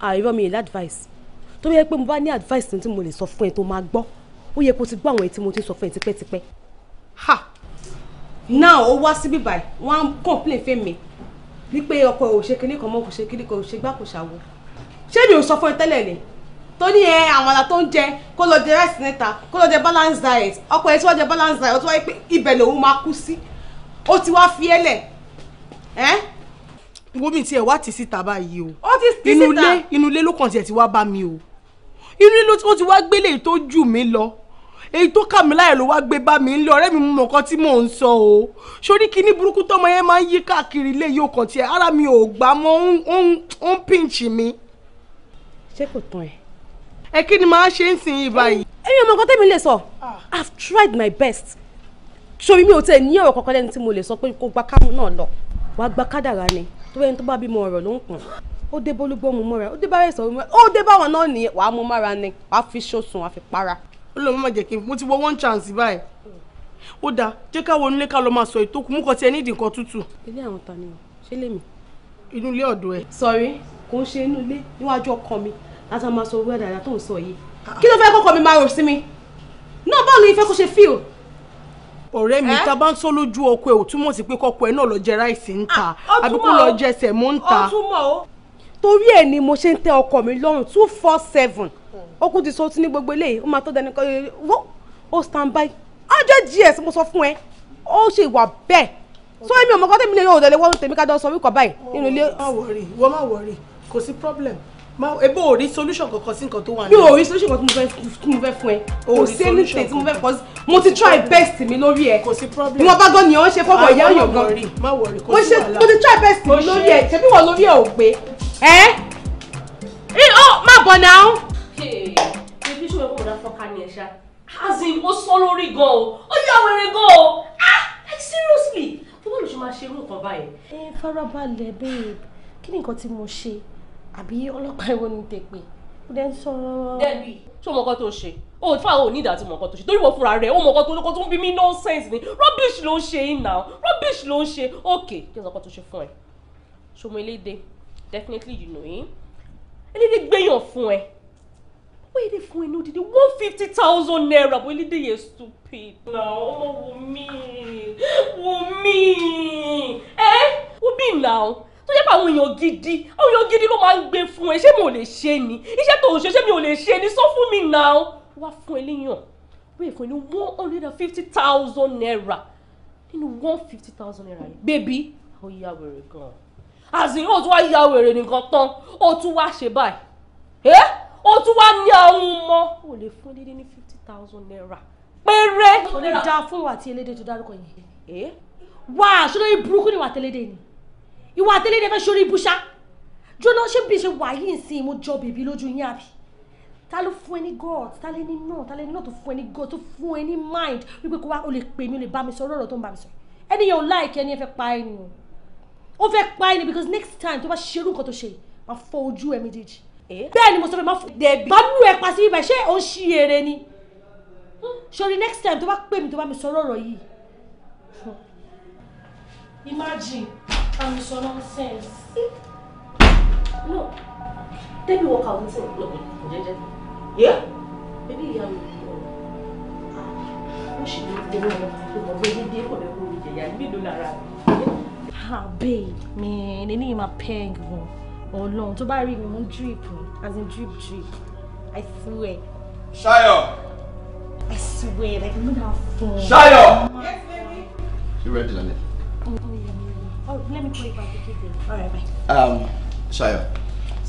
àìrọ́ ah, mi ì ládvice tó yẹ pé mo bá ní advice tí mo lè sọ fún ẹ tó máa gbọ́ ó yẹ kó ti gbọ́ àwọn èyí tí mo ti sọ fún ẹ tipẹ́tipẹ́. ha now ó wá síbí báyìí wọ́n á complain fún mi wípé ọkọ ò ṣe kíní kan mọ́ kò ṣe kíní kan ò ṣe gbá kò ṣàwo ṣé mi ò sọ fún ẹ tẹ́lẹ̀ ni tó ní ẹ àmàlà tó ń jẹ kó lọ jẹ rice níta kó lọ jẹ balance diet ọkọ ẹ tí wọ́n jẹ balance diet ó ti wáyé pé ibẹ̀ lòun máa kú sí ó ti wá fi ẹ́ lẹ̀ ẹ́ wo mi tiẹ̀ wá ti síta báyìí o. ó ti ti síta inú ilé inú ilé ló kàn tiẹ̀ ti wá bá mi o inú ilé ló ti wá gbélé tó jù mí lọ èyí tó kà mí láyè ló wá gbé bá mi ńlẹ ọ̀rẹ́ mi mú mọ nǹkan tí mò ń sọ o sórí kinní burúkú tọmọ yẹn máa ń yí káàkiri ilé yìí ọkàn tiẹ̀ ara mi ò gbà mọ́ ó ń pinch mi. ṣé kò tán ẹ. ẹ kí ni màá ṣe ń sin yìí báyìí. ẹyin ọmọ nǹkan tẹ́mi lè sọ ah. I've tried my best sori mi ò tẹ ní ọ̀rọ̀ kankan lẹ́nu tí mo lè sọ pé kó gba kámú náà lọ wàá gba kádàrá ni tó bẹ́ẹ̀ ni tó bá bímọ ọ̀rọ̀ ló ń pọ̀n ó dé bólúgbó mu mọ́ra ó dé báwọn náà nìyẹn wàá mú mára ni wàá fi ṣoṣùn wàá fi para ó lọ mọ́ jẹ́ kí n mo ti wọ one chance báyìí ó dáa jẹ́ ká wọnú ilé ká lọ máa sọ ètò kù mú kọ́ tí ẹ ní ìdí nǹkan tútù. ilé àwọn ta ni o ṣé lèmi. inú ilé ọ̀dọ̀ ẹ. sọrí kò ń ṣe inú ilé níwájú ọkọ mi láti máa sọ wíwá dáadáa tó ń sọ yìí ah. kí ló fẹ́ kọ́kọ́ mi máa rò sí mi náà báwo ni ìfẹ́ kó ṣe o ọ̀rẹ́ mi eh? ta bá ń sọ lójú ọkọ ẹ ò túmọ̀ sí pé kọ́kọ́ ẹ náà lọ jẹ ráìsì ń ta ah, àbí kó lọ jẹ sẹ̀mó ń ta torí ẹ ni mo ṣe ń tẹ ọkọ mi lọ́rùn two four seven ó kún ti sọ ọtí ní gbogbo eléyìí ó máa tó dẹni kan wọ́n ó stand by hundred years mo sọ fún ẹ ó ṣe ìwà bẹ́ẹ̀ so èmi ò mọ̀ kọ́ tèmi lè yọ òdòdó wọ́n tèmi ká jọ sọ wíkọ̀ báyìí nínú ilé. má wọrí wọ́n má wọrí kò sí problem ma ebo ò rí solution kankan sí nǹkan tó wà ní. mi ò rí solution kankan tí mo fẹ́ fún ẹ kò sí anything tí mo fẹ́ fún ẹ mo ti try best mi lórí ẹ kò sí problem ìwọ̀n bá gan ni ò ṣe fọ́fọ́ ìyá ọ̀yàn gan mo ṣe mo ti try best mi lórí ẹ ṣebí wọ́n lórí ẹ ò gbé ẹ́ ọ́ má bọ̀ náà ibi ṣòwò kò dá fọ́nká ni ẹ̀ ṣá azin ó sọ lórí gan o ó yọ wẹrẹ gan o ah like seriously bọ́bọ́ ló ṣe máa ṣe irú nǹkan báyìí. ẹ farabalẹ̀ babe kí ni nǹkan tí mo ṣe àbí ọlọ́pàá ìwọ ni tèpè ó dẹ́ ń sọ̀rọ̀. dẹ́bi ṣé o mọ nǹkan tó ṣe o ò fáwọn òní ìdá tí mo nǹkan tó ṣe torí wọ́n fúnra rẹ̀ o mọ nǹkan tó lóko tó ń bí mi nonsense ni rubbish ló ń ṣe yín now rubbish ló ń ṣe okay kí ni nǹkan tó ṣe fún ẹ ṣọmọ eléde definitely you know yín eléde gbẹ̀yàn fún ẹ wéèrè fún ẹni odidi one fifty thousand naira bó lédè yẹn stupid. na ọmọ wò mí wò mí ẹ wò mí now tó yẹ pé àwọn èèyàn gidi àwọn èèyàn gidi ló máa ń gbé fún ẹ ṣé mi ò lè ṣe ni iṣẹ́ tó ń ṣe ṣé mi ò lè ṣe ni sọ fún mi now wá fún eléyàn wéèrè fún ẹni one hundred and fifty thousand naira nínú one fifty thousand naira yẹn bébí ó yá wèrè gan-an àzìn ó tún wá yá wèrè nìkan tán ó tún wá ṣe báyìí ó tún wá ní ọ̀hún mọ́ ó lè fún dídí ní fifty thousand naira péré. kò ní dáa fún ìwà àti elédè tó dárúkọ yẹn. Eh? wá aṣọ lórí burúkú ni ìwà àtẹlédè ni ìwà àtẹlédè fẹ́ sórí ibùsà jóná ṣé bí ṣe wà yìí nsìn mo jọ bèbí lójú yín àbí ta ló fún ẹ ní god ta lẹni náà ta lẹni náà tó fún ẹ ní god tó fún ẹ ní mind wípé kó wá o lè pè mí o lè bá mi sọ ọ̀rọ̀ tó ń bá mi sọ ẹni yẹn ò láìkẹ ẹni yẹn fẹ́ pa ẹ ni o ó fẹ́ pa ẹ ni because next time tó bá ṣerú nǹkan tó ṣe máa fọ́ ojú ẹ méjèèjì Eh? bẹ́ẹ̀ mo sọ pé má fún dẹ̀bi bánú ẹ̀ pa sí ibà ṣé o ṣí eré ni sori hmm? next time tó bá pè mí tó bá mi sọ̀rọ̀ ọ̀rọ̀ yìí. imagine i'm so nonsense. no tẹ́bi wọ́n kàwé tí ò ń jẹ́jẹ́. bébí ìyá mi ah, ó ṣì ní ìdílé wọn tó mọ̀ pé dídí kò ìjẹ̀yà nílùú lára. ah babe man eléyìí máa pẹ́ gan-an ọlọ́run tó bá rí mi mo ń drip as in drip drip i swear. ṣayọ. i swear like no na fun. ṣayọ. yes baby. you ready lale. Oh, oh, yeah. oh let me call you back okay babe all right bye. Um, Shayo,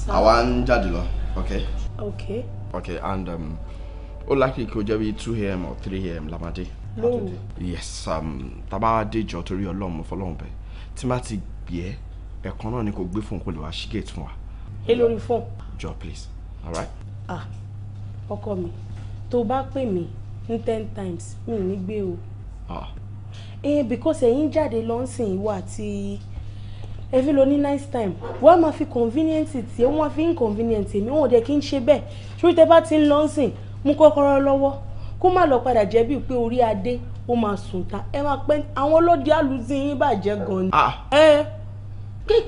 I want jáde lọ okay. okay. okay and um, ó lákìí kó jẹ́ bí two a.m. or three a.m. Lamadi? No. yes um, tá a bá dé jọ torí ọlọ́run mo fọlọ́run bẹ́ẹ̀ ẹ̀kan náà ni kò gbé fóun kò lè wá ṣí gate fún wa. ẹ lórí fóun. jọ please all right. ah ọkọ mi tó bá pè mí ní ten times mi ní gbé o. ah. eh because ẹ̀yin jáde lọ́nsìn ìwọ àti ẹbí lo ní nice time wọ́n á máa fi convenience tí wọ́n á fi inconvenience èmi wọn ò dẹ̀ kí n ṣe bẹ́ẹ̀ ṣùgbọ́n tẹ bá ti ń lọ́nsìn mú kọ́kọ́rọ́ lọ́wọ́ kó má lọ padà jẹ́ bíi pé orí adé ó máa sùn ta ẹ máa pẹ́ àwọn ọlọ́dẹ àlùzí yín bàjẹ́ gan ni. ah. eh gbé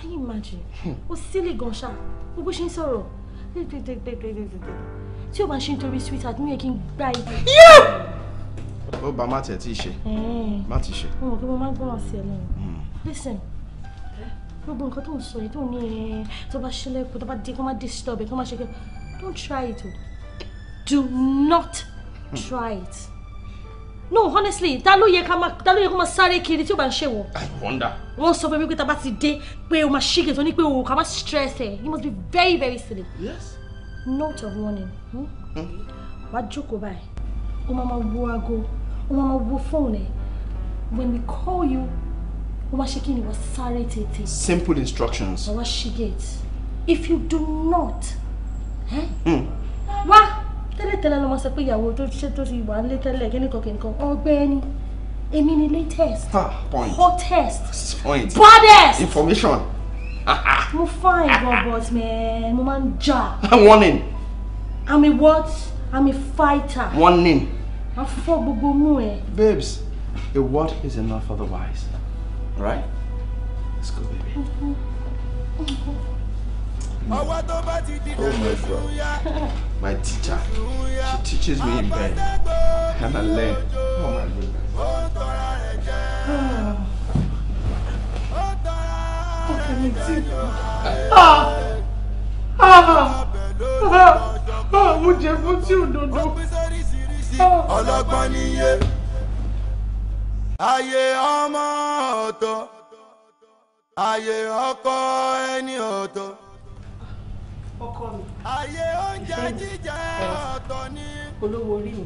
can you imagine hmm. ó sílè gan ṣá gbogbo ṣe ń sọ̀rọ̀ tí o bá ṣe nítorí sweetheart mi yẹ kí n gbá ibi. ó bá má tiẹ̀ tí ì hmm. listen eh, don't try it do not hmm. try it no honestly ta ló yẹ ká máa ta ló yẹ kó máa sáré kiri tí ó bá ń ṣe wọn. i wonder. wọ́n sọ fún mi pé ta bá ti dé pé o máa ṣí gètò ní pé o ká máa stress ẹ you must be very very silly. yes. note of warning. Hmm? Hmm? wàá jókòó báyìí o máa máa wo aago o máa máa wo fóònù ẹ when we call you o máa ṣe kí ni wọ́n sáré tètè. simple instructions. wàá ṣí gate if you do not. Eh? Mm. wá tẹ́lẹ̀tẹ́lẹ̀ ló máa sọ pé ìyàwó tó ṣe tó ti wà nílé tẹ́lẹ̀ kí nìkan kí nìkan ọ̀gbẹ́ni èmi ni latest Ha, point. hottest point. baddest information. mo fine robot man mo máa ń jà. [laughs] warning. i'm a what i'm a fighter. warning. a fọ gbogbo mú ẹ. babes a word is enough otherwise right let's go baby. Mm -hmm. Mm -hmm ọwọ́ tó bá ti di lẹ́yìn oh ṣúyà. [laughs] My teacher, she teaches me in bed, and I learn. Oh my goodness. [sighs] Ah! Ah. Ah. ah! ah! mo jẹ fún tí òdodo. Ah. ọlọ́gbọ́n níye ayé ọmọ ọ̀tọ̀ ayé ọkọ ẹni ọ̀tọ̀ ọkọ mi. ayé oúnjẹ jíjẹ ọ̀tọ̀ ni. olówó orí mi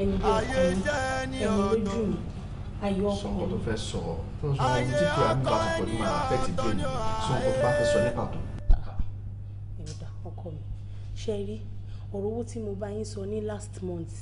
ẹni bí ọkọ mi ẹni lójú mi ayé ọkọ mi. sọ̀rọ̀ tó fẹ́ sọ ayé ọkọ ẹni ọ̀tọ̀ ni ayé ẹ̀dá ọkọ mi ṣe rí ọ̀rọ̀ owó tí mo bá yín sọ ní last month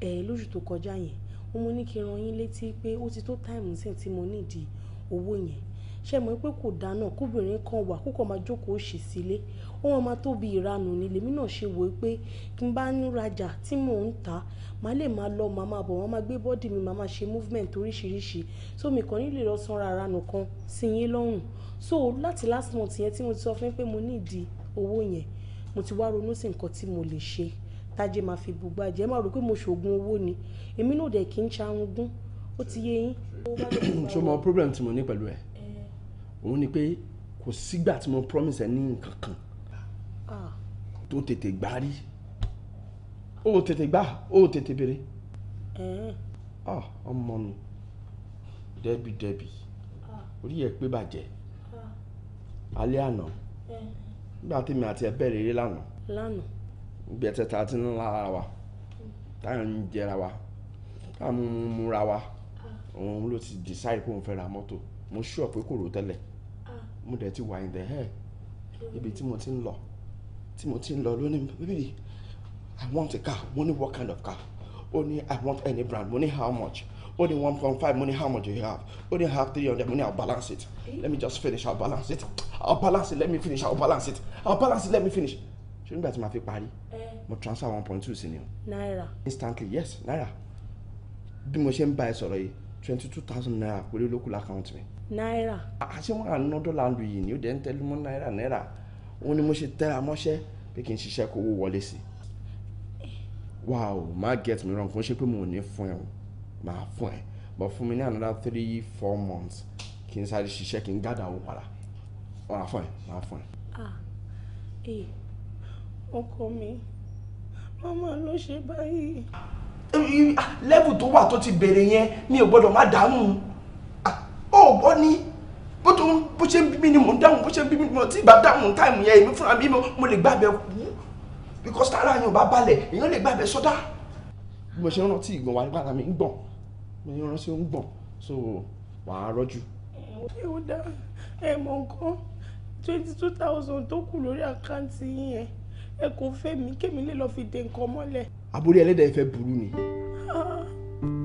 ẹ̀ lóṣù tó kọjá yẹn ó mú ní kí n ran yín létí pé ó ti tó táìmù sí tí mo nídìí owó yẹn ṣe mọ̀ pé kò dáná kóbìnrin kan wà kó máa jókòó òṣì sílé ó máa máa tóbi ìranù ni. Lèmi náà ṣe wò pé tí n bá ń rajà tí mò ń tà, màá le máa lọ, màá máa bọ̀, màá máa gbé body mi, màá máa ṣe movement oríṣiríṣi. So mi kàn ní lè lọ sanra ìranù kan sí yín lọ́rùn. So láti last month yẹn tí mo ti sọ fún yín pé mo need owó yẹn, mo ti wá ronú sí nǹkan tí mo lè ṣe tájé máa fi bu gbájẹ́. Ẹ máa rò pé mo ṣògùn owó ni. Èmi náà ò dẹ̀ kí n ṣarungún. Ó ti yé yín. So [clears throat] mo problem tí mo ní pẹ̀lú ẹ̀, eh. òun ni pé kò sígbà tí mo promise ẹ ní nǹkan kan tó tètè gbá rí ó tètè gbá ó tètè béèrè ah, ọmọ nù dẹ́bìdẹ́bì ah. orí ẹ̀ pé bàjẹ́ ah. alẹ́ àná nígbà tí mi àti ẹ bẹ̀rẹ̀ eré lánàá lánàá gbẹ̀tẹ̀ tá a ti ń lára wa tá à ń jẹra wa tá à ń múra wa òun ló ti decide pé òun fẹ́ ra mọ́tò mo sure pé kò rò tẹ́lẹ̀ mo dẹ̀ ti wà in the air ibi tí mo ti ń lọ tí mo ti ń lọ lónìí bíbí i want a car mo ní what kind of car ó ní i want any brand mo ní how much ó ní one point five mo ní how much do you have ó ní have three hundred mo ní i'll balance it let me just finish i'll balance it i'll balance it let me finish i'll balance it i'll balance it let me finish ṣé nígbà tí màá fi parí eh. mo transfer one point two sí ni o. naira. instantly yes naira bí mo ṣe ń bá ẹ sọ̀rọ̀ yìí twenty two thousand naira péré ló account lákàntì mi. naira. àṣé wọn àná dọ́là lu yìí ni ó dẹ̀ ń tẹlu mọ́ náírà náírà òun ni mo ṣe tẹ́ra mọ́ṣẹ́ pé kí n ṣiṣẹ́ kó owó wọlé sí i wow má get me wrong kò ń ṣe pé mo ò ní fún ẹ o máa fún ẹ but fún mi ní another three four months kí n sáré ṣiṣẹ́ kí n gádà owó padà máa fún ẹ máa fún ẹ. ah ee eh, ọkọ mi màmá ló ṣe báyìí. Eh, ah, lẹ́bù tó wà tó ti bẹ̀rẹ̀ yẹn mi ò gbọ́dọ̀ má dààmú ah, ò gbọ́ ní bó tó bó ṣe ń bí mi ni mò ń dáhùn bó ṣe ń bí mi ni mo ti bá dáhùn táìmù yẹn èmi fúnra mi mo lè gbàgbẹ́ wú because tára yẹn ò bá balẹ̀ èèyàn lè gbàgbẹ́ sọ́dá bí mo ṣe ń rántí ìgbọ̀n wa nígbà mi ń gbọ̀n mo ń rántí ń gbọ̀n so wàá rọ́jú. ẹ ò dá ẹ mọ nǹkan twenty two thousand tó kù lórí àkáǹtì yín yẹn ẹ kò fẹ́ mi kémi lè lọ́ọ́ fi de nǹkan mọ́lẹ̀. àbórí ẹlẹ́dàá ìfẹ́ burú ni ah.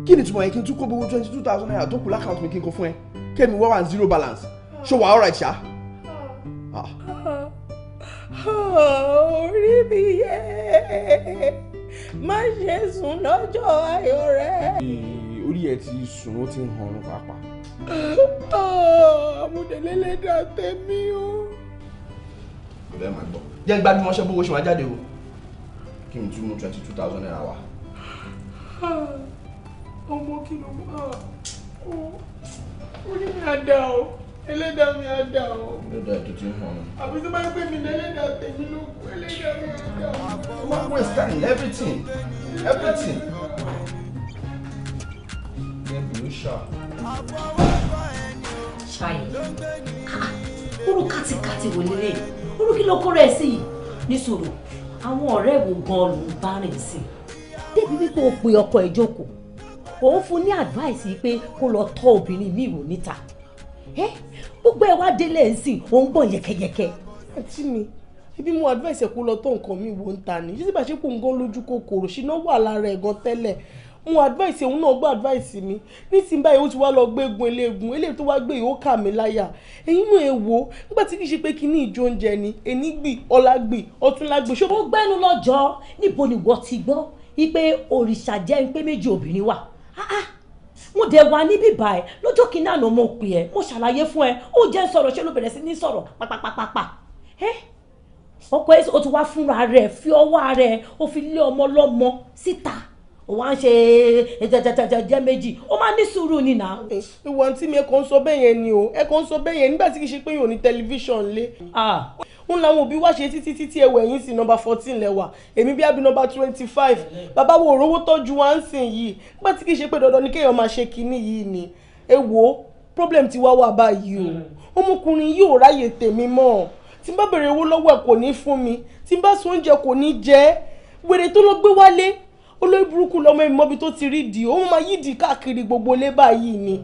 kí ni túmọ̀ yẹn kí n tún kó gbogbo twenty two thousand naira tó kù lákàtúntì kí n kó fún ẹ kẹ́mi wá wà ní zero balance ṣó wà alright ṣá. orí mi yẹ má ṣe sùn lọ́jọ́ ayọ̀ rẹ. orí ẹ ti sùn ó ti ń hàn ọ́n pàápàá. amúdélélẹ́dà ah, tẹ̀mí o. bẹ́ẹ̀ máa gbọ́ jẹ́ gbájú wọn ṣe bówó ṣe wá jáde o kí n tún mú twenty two thousand naira wá. Ah, ọmọ kìlọ̀ mọ́ ọ ó ní mi àdá o ẹlẹ́dàá mi àdá o. ẹlẹ́dàá tó ti ń hàn án. àbí tó bá ń pè mí ní ẹlẹ́dàá tèmi ló kú ẹlẹ́dàá mi àdá o. wọ́n waste time everything everything. ẹ̀bùn ṣá. ṣáyé orú kátikáti wò lélẹ̀ orú kí ló kó rẹ̀ sí yìí ní sùúrù àwọn ọ̀rẹ́ ìwò gan-an ló ń bá rìn sí i débi wípé o pe ọkọ ẹ̀ jókòó òun fún ní advice yìí pé kó lọ tọ́ obìnrin mi wò níta gbogbo ẹ wá délé ẹ̀ ń òun gbọ̀n yẹ̀kẹ̀yẹ̀kẹ̀. àǹtí mi ibi mo advice ẹ kó lọ tó nǹkan mi wò ń ta ni ṣé síbà ṣe kó ń gan lójú kòkòrò ṣìnà wà lára ẹ̀ gan tẹ́lẹ̀ mo advice òun náà gbọ́ advice mi nísìnyí báyìí ó ti wá lọ gbégun eléegun eléyìí tó wá gbé yìí ó kà mí láyà ẹ̀yin náà ẹ wò nígbà tí kì í ṣe pé kíní ìjó oúnjẹ ni ẹni gbì ọ̀la gbì ọ̀tún la gbì. mo gbẹ́nu lọ́jọ́ níbo ni wọ́n ti gbọ́ wípé òrìṣà jẹ́ ń pé méjì obìnrin wà Ah, ah. mo dẹ̀ wà níbí báyìí lọ́jọ́ kìíní àná mo pè ẹ́ mo ṣàlàyé fún ẹ ó jẹ́ sọ̀rọ̀ ṣé ló bẹ̀rẹ̀ sí ní sọ̀rọ̀ pàpàpàpà ẹ́ ọkọ ẹ̀ o ti wá fúnra rẹ̀ fi ọwọ́ rẹ̀ o fi lé ọmọ lọ́mọ síta o wá ń ṣe jẹjẹjẹjẹ méjì o máa ní sùúrù nìna. ìwọ̀n tí mi ẹ̀ kàn ń sọ bẹ́ẹ̀ yẹn ni o ẹ̀ kàn ń sọ bẹ́ẹ̀ yẹn nígbà tí kì í ṣe pé yóò ní tẹlifíṣàn lé. Ah ń làwọn òbí wá ṣe títí títí ẹwẹ̀ yín sí nọmba fourteen lẹ́wà èmi bí àbí nọmba twenty five bàbá wo òróró tọ́jú wá ń sìn yìí nígbà tí kì í ṣe pé dandan ni kéèyàn máa ṣe kinní yìí ni ẹ wo problem ti wá wà báyìí o ọmọkùnrin yìí ò ráyè tèmi mọ́ tí n bá bèrè owó lọ́wọ́ ẹ̀ kò ní fún mi tí n bá sun oúnjẹ kò ní jẹ wèrè tó lọ gbé wálé olóyè burúkú lọmọ ìmọ̀bi tó ti rí di òun máa yídìí káàkiri gbogbo lé báyìí ni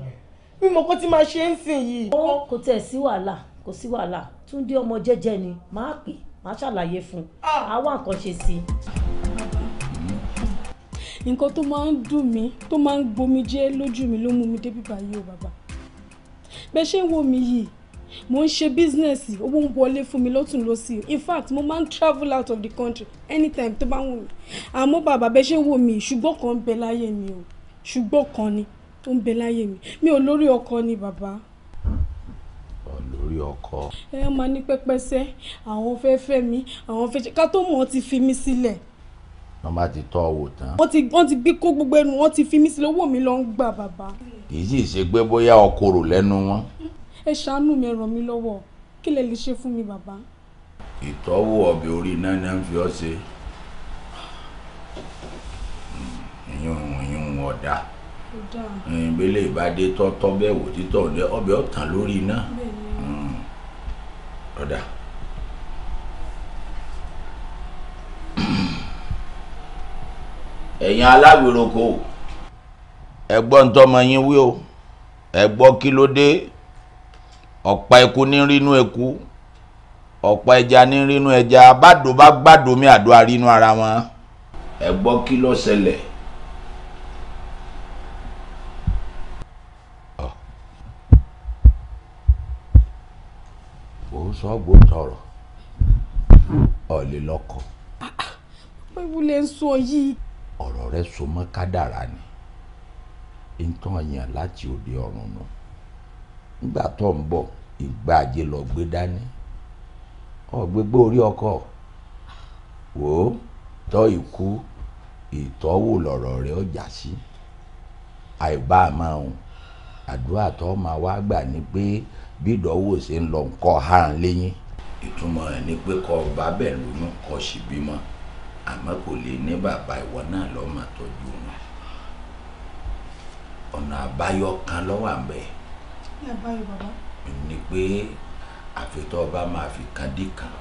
mímọ kó ti máa ṣe ń sìn yìí. owó kò tẹ̀ sí wàhálà kò sí wàhálà Túndé ọmọ jẹ́jẹ́ ni màá pè màá ṣàlàyé fún un ah. àwa nǹkan ṣe sí i. nǹkan tó máa ń dùn mí tó máa ń gbomi jẹ́ lójú mi ló mú mi débi báyìí o bàbá bẹ́ẹ̀ ṣe ń wò mí yìí mo ń ṣe bísínẹ́sì owó ń wọlé fún mi lọ́tún lọ́sì in fact mo máa ń travel out of the country anytime tó bá wù mí àmọ́ bàbá bẹ́ẹ̀ ṣe ń wò mí ṣùgbọ́n kan ń bẹ láyé mi o ṣùgbọ́n kan ni tó ń bẹ láyé mi mi ò lórí ọkọ ni bàbá lórí ọkọ. ẹ máa ní pẹpẹsẹ àwọn fẹ́ fẹ́ mi àwọn fẹ́ ṣe ká tó mọ̀ ọ́n ti fi mí sílẹ̀. wọ́n bá ti tọ́ wò tán. wọ́n ti wọ́n ti gbé kó gbogbo ẹnu wọ́n ti fi mí sílẹ̀ owó mi lọ ń gbà bàbá. kì í sì ṣe pé bóyá ọkọrò lẹ́nu wọn. ẹ ṣàánú mi ẹ ràn mí lọ́wọ́ kí lẹ lè ṣe fún mi bàbá. ìtọ́wò ọbẹ̀ orí iná ni wọ́n fi ọ́ ṣe. ìyún ìyún ọ̀dà ìbílẹ̀ ìbádé tọ́tọ́ bẹ́ẹ̀ wò títọ̀ ọ̀dẹ ọbẹ̀ ọ̀tàn lórí iná. bẹ́ẹ̀ ọ̀dà. ẹ̀yin aláwìroko ẹ gbọ́ ń tọ́mọ yín wí o ẹ gbọ́ kí ló dé ọ̀pá eku ní rínú eku ọ̀pá ẹja ní rínú ẹja bàdó bá gbàdó mi àdó arínú ara wọn ẹ gbọ́ kí ń sọ gbóòtọ̀rọ̀ ọ̀lẹ́ lọ́kọ. ewu lè sọ yìí. ọ̀rọ̀ rẹ so mọ́ kádàrá ni nǹkan ọ̀yàn láti òde ọ̀run nù nígbà tó ń bọ̀ ìgbà ajé lọ gbé dání ọ̀gbẹ́gbẹ́ orí ọkọ wò ó tọ́ ikú ìtọ́wò lọ̀rọ̀ rẹ ọjà sí àìbá máa ń àdúrà tó máa wá gbà ni pé. Pe bí ìdánwò ṣe ń lọ nǹkan hàn lẹ́yìn. ìtumọ̀ ẹ̀ ni pé kọ́ ọba bẹ́ẹ̀ lóyún kọ́ sì bímọ àmọ́ kò lè ní bàbá ìwọ náà lọ́ọ́ tọ́jú wọn ọ̀nà àbáyọ kan lọ́wọ́ àbẹ̀. ní àbáyọ bàbá. ni pé àfitọ́ ọba máa fi kan dí kan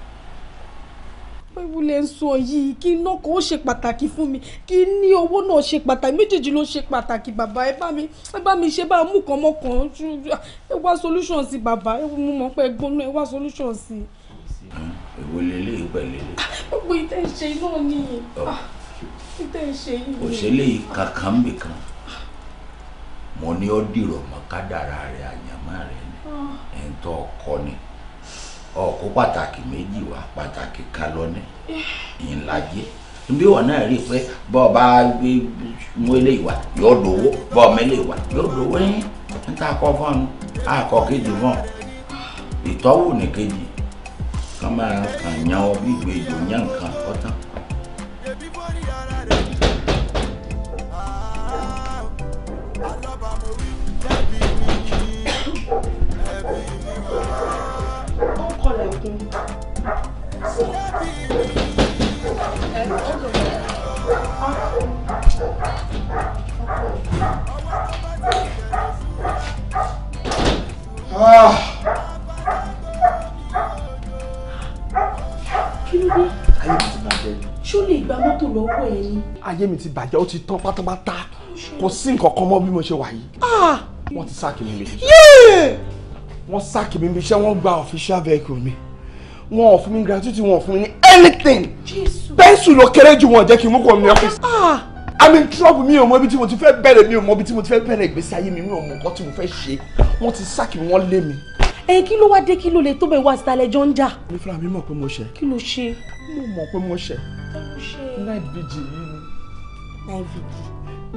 ewu lè sọ yìí kí iná kan ó ṣe pàtàkì fún mi kí ní owó náà ṣe pàtàkì méjèèjì ló ṣe pàtàkì bàbá ẹ bá mi ẹ bá mi ṣe bá mú kan mọ́kàn ẹ wá solution sí bàbá ẹ mú mọ́ pé gbóná ẹ wá solution sí. èwo lélẹ̀ ìgbà lélẹ̀. gbogbo ìtẹ̀ ṣe náà ni ah, ìtẹ̀ ṣe yìí. kò ṣe lè kankan mi kan mo ní ó dìrọ̀ mọ́ kádàrá rẹ̀ àyàmá rẹ̀ ẹ̀ ń tọ́ ọkọ ni. Ah. ọkọ pàtàkì méjì wa pàtàkì kan lọ ní ìlàjẹ bí wọn náà rí i pé bọ́ọ̀ bá gbé mú eléyìí wá yóò dòwó bọ́ọ̀ mẹ́lẹ̀ wá yóò dòwó yín níta ọ bí [coughs] kiri. kí ló dé? ayé mi ti bàjẹ́ ni. ṣó lè gba mọ́tò lọ́wọ́ ẹ ni. ayé mi ti bàjẹ́ ó ti tán pátápátá kò sí nǹkan kan mọ́ bí mo ṣe wà yìí. wọ́n ti sáàkì mi mi. wọ́n sáàkì mi mi iṣẹ́ wọ́n gba official vehicle mi wọn ò fún mi gratuity wọn ò fún mi ní anything pẹ́ńsù ló kéré jù wọn jẹ́ kí n mú kọ́ mi ọ́fíìsì. Ah, ah. I'm in trouble mi ò mọ ibi tí mo ti fẹ́ bẹ̀rẹ̀ mi ò mọ ibi tí mo ti fẹ́ bẹ̀rẹ̀ ìgbésí ayé mi mi ò mọ nǹkan tí mo fẹ́ ṣe wọ́n ti sáàkì wọ́n lé mi. ẹ kí ló wá dé kí ló lè tó bẹ wá síta lẹjọ ń jà. mi fúnra mi mọ̀ pé mo ṣe. kí ló ṣe. mo mọ̀ pé mo ṣe. night vigil yìí ni.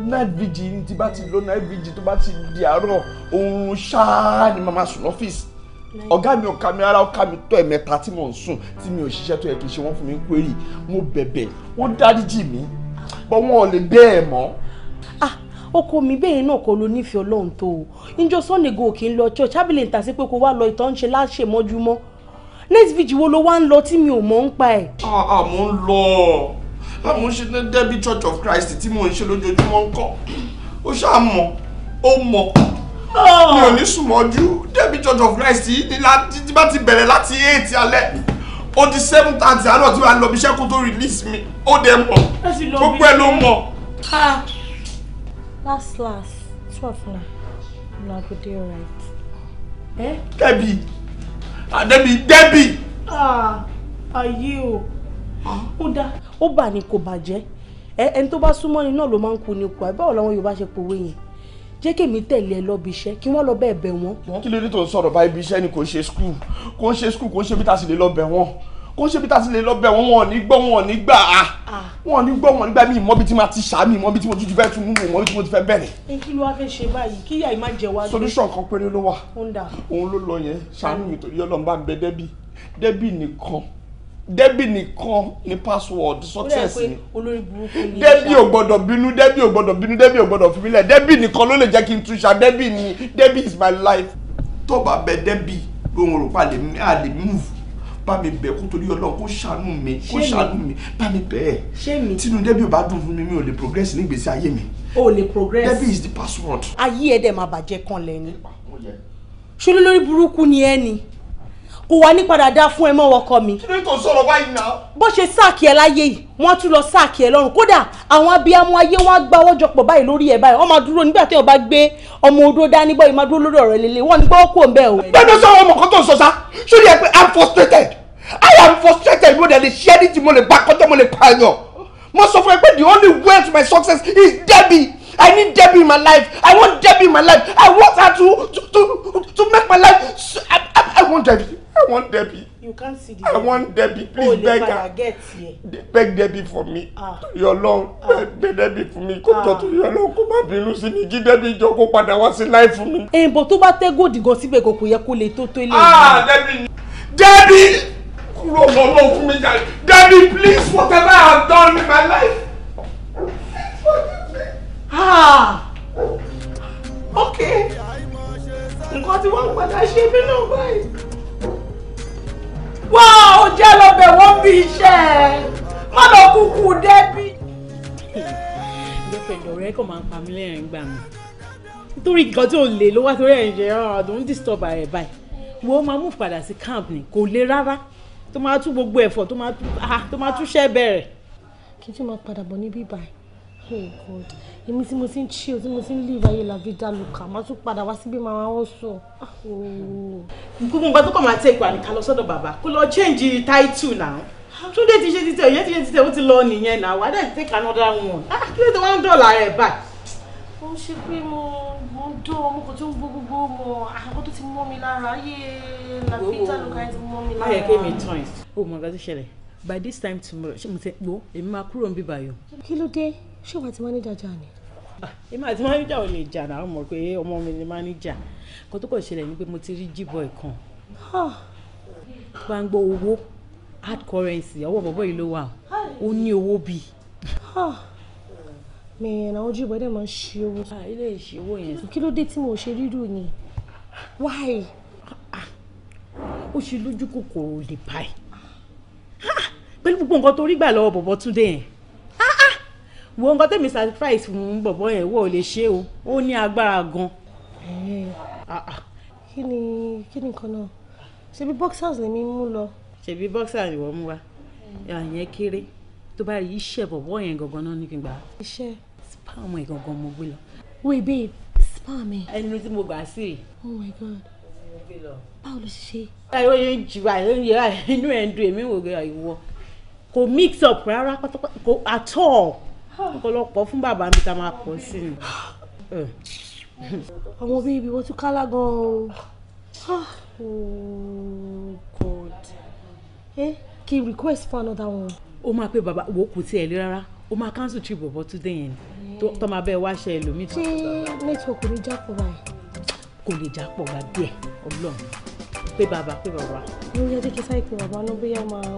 night vigil night vigil tí bá ti lọ night vigil tó bá ti di àárọ̀ oorun ṣáá ni màmá sùn lọ́fíìsì ọ̀gá mi ò ka mi rárá ó ka mi tó ẹ̀mẹ́ta tí mò ń sùn tí mi ò ṣiṣẹ́ tó yẹ kí n ṣe wọ́n fún mi query mo bẹ̀bẹ̀ wọ́n dáríjì mi bọ́ wọn ò lè bẹ́ẹ̀ mọ́. ah ọkọ mi bẹ́ẹ̀ náà kọ́ ló nífẹ̀ẹ́ ọlọ́run tó o níjọ́ sunday go kì í lọ church abilé ń ta sí pé kó wá lọ ìtọ́ ń ṣe láṣẹ mọ́júmọ́ next vigi wo ló wá ń lọ tí mi ò mọ̀ ń pa ẹ̀. àmọ́ ah, ah, ń lọ àmọ́ ah, Church of Christ tí mò ń ṣe lójoojúmọ́ ń kọ́ ó ṣáà mọ̀ Oh. mi ò ní sùnmọ́jú débi church of christ yìí ti bá ti bẹ̀rẹ̀ láti eight alẹ́ ó di seven thirty àárọ̀ tí wàá lọ bí iṣẹ́ kó tó release mi ó dẹ̀ mọ̀ gbogbo ẹ̀ ló mọ̀. Ah. last last twelve na una go dey alright. Debbie Debbie ah, Debbie. Ah, ayé o ó dá ó bà ní kò bàjẹ́ ẹni tó bá súnmọ́ ni náà ló máa ń kú ni kú àbí báwo làwọn Yorùbá ṣe pòwe yẹn jẹ́ kí èmi tẹ̀lé ẹ lọ́bi iṣẹ́ kí wọ́n lọ bẹ́ẹ̀ bẹ̀ wọ́n. kí ló dé tó ń sọ̀rọ̀ báyìí bí iṣẹ́ ni kò ṣe skul kò ń ṣe skul kò ń ṣe bí tá a sì lè lọ bẹ̀ wọ́n kò ń ṣe bí tá sì lè lọ bẹ̀ wọ́n wọn ò ní gbọ́ wọn ò ní gbà á ah! ah! wọn ò ní gbọ́ wọn ò ní gbà mí ìmọ̀ bí tí máa ti ṣàmì ìmọ̀ bí tí mo tún ti fẹ́ tún mú mi bí tí mo ti fẹ́ bẹ̀rẹ̀. kí ló wá fẹ́ ṣe báyìí kí ìyá ì má jẹ wá. solution kan péré ló wà òun ló lọ yẹn ṣàánú mi torí Ọlọ́run bá ń bẹ Debbie nìkan ni password success ni Debbie ò gbọ́dọ̀ bínú Debbie ò gbọ́dọ̀ bínú Debbie ò gbọ́dọ̀ fi mí lẹ̀ Debbie nìkan ló lè jẹ́ kí n túṣà Debbie ni Debbie is my life. tó bá bẹ Debbie lóhun rò pa a lè move bá mi bẹ̀ kó torí Ọlọ́run kó ṣàánú mi kó ṣàánú mi bá mi bẹ̀ ẹ́ tínú Debbie ò bá dùn fún mi mi ò lè progress ní ìgbésí ayé mi. o lè progress Debbie is the password. ayé ẹ̀ dẹ̀ máa bàjẹ́ kan lẹ́ni ṣolólórí burúkú ni ẹ ni kò wá ní padà dá fún ẹ mọ́ ọkọ mi. kí ló tó sọ̀rọ̀ báyìí náà. bó ṣe sáàkì ẹ láyé yìí wọ́n tún lọ sáàkì ẹ lọ́rùn kódà àwọn abiyamọ ayé wọn á báyìí lórí ẹ báyìí wọ́n máa dúró nígbà tí wọ́n bá gbé ọmọ odó dání bọ́ ìmá dúró lórí ọ̀rọ̀ líle wọ́n ní gbọ́ kó ń bẹ́ o. gbẹ́nu sọ̀rọ̀ ọmọ kan tó ń sọ sá sórí ẹ pé i'm frustrated i am frustrated mo dẹ̀ lè ṣe anything mo lè gbà kọjá mo lè pààyàn mo sọ fún ẹ pé the only way to my success is Debbie I need Debbie in my life. I want Debbie in my life. I want her to to to, to make my life. So, I, I, I want Debbie. I want Debbie. You can't see the I want Debbie. Oh, please oh, beg her. Get here. Beg Debbie for me. Ah. Your long. Ah. Beg Debbie for me. Kó tọ́tù your long. Kó má bínú sí mi. Jí Debbie your kó padà wá sí láì fún mi. Èèbò eh, tó bá tẹ́ gòdì gan síbẹ̀ kò yẹ kó lè tó tó Ah Debbie. Debbie! Kúrò lọ́lọ́ fún mi jáde. Debbie please whatever I have done in my life. Ah! Okay. Nǹkan tí wọ́n padà ṣe mí náà báyìí wá ò jẹ́ lọ́bẹ̀ wọ́n bí iṣẹ́ má lọ kúkú débí. girlfriend ọ̀rẹ́ kàn máa ń pa mí lẹ́rìn gbà mí nítorí nǹkan tí ò lè ló wá torí ẹ̀ ń ṣe ń ah, disturb ààrẹ báyìí wo máa mú padà sí camp ni kò le rárá tó máa tú gbogbo ẹ̀fọ́ tó máa tú ah, ṣẹ́ bẹ̀rẹ̀. kí n tún máa padà bọ̀ níbí báyìí Oh God, èmi tí mo ti ń chill tí mo ti ń live ayé la vida loca, máa tún padà wá síbí máa wọ́n sọ. Gbogbo nǹkan tó kàn máa tẹ̀ ìgbà nìkan lọ sọ́dọ̀ bàbá kó lọ change title now. Túndé ti ṣe títẹ̀ òye ti ṣe títẹ̀ ó ti lọ nìyẹn now, why don't you take another one? Ah, kí ló ti wá ń dọ̀là rẹ̀ báyìí? Mo ń ṣe pé mo mo ń dán mo kò tó ń gbogbo mọ àwọn ah, tó ti mọ́ mi lára ayé la vida loca ti mọ́ mi oh. lára. Báyọ̀ kémi tán ẹ̀. O mọ̀ nǹkan tó ṣẹlẹ̀ by this time tomorrow ṣé mo ti wo èmi máa kúrò ń bíbáyọ̀. Kí ló dé? ṣé wàá ti mánéjà jà ni. Ah, èmi àti mánéjà ò lè jà náà mọ̀ pé ọmọ mi ni mánéjà kó tó kàn ṣẹlẹ̀ ni pé mo ti rí jíbọ̀ ìkan. gbangba owó hard currency ọwọ́ bọ̀bọ̀ yìí ló wà ó ní owó bíi. mẹ́rin àwọn ojú ìbọn dẹ̀ máa ń ṣe owó. Ah, ilé ìṣe owó yẹn. kí ló dé tí mo ṣe rírù yẹn why ah, ó ṣe lójú kòkòrò lè báyìí pẹ̀lú gbogbo nǹkan tó rí gbà lọ́wọ́ bọ̀bọ̀ túndé yẹn wo nǹkan tẹ̀mí sacrifice fún bọ̀bọ̀ yẹn wò lè ṣe o ó ní agbára gan. Ah, ah. kí ni kí ni nǹkan náà ṣebí boxers lèmi mú lọ. ṣebí boxers ni wọ́n mú wa àyẹn kéré tó bá yí iṣẹ́ bọ̀bọ̀ yẹn gangan náà ní kí n gbà. iṣẹ́ spam ẹ̀ gangan mo gbé lọ. wait babe spam ẹ̀. ẹni tí mo gbà sí. oh my god báwo ló ṣe ṣe. ayọ̀ yẹn jìbà inú ẹ̀ ń dùn èmi wò ó ìwọ kò mix up rárá pátápátá kò at all ọ̀pọ̀lọpọ̀ fún bàbá mi ta máa pọ̀ sí ni. [gasps] ọmọ bíbí wọ́n tún kálá gan-an [gasps] oh god eh kí n request for another one. ó máa pe bàbá wo kò tiẹ̀ lé rárá ó máa cancel trip bọ̀bọ̀ túndé yẹn ni tó máa bẹ́ẹ̀ wá ṣe ẹlòmíì. ṣé network mi jápọ̀ báyìí. kò lè jápọ̀ wá díẹ̀ ọlọ́run pé bàbá pé bàbá. mo yẹ kí kí sáyé pé bàbá náà bóyá máa.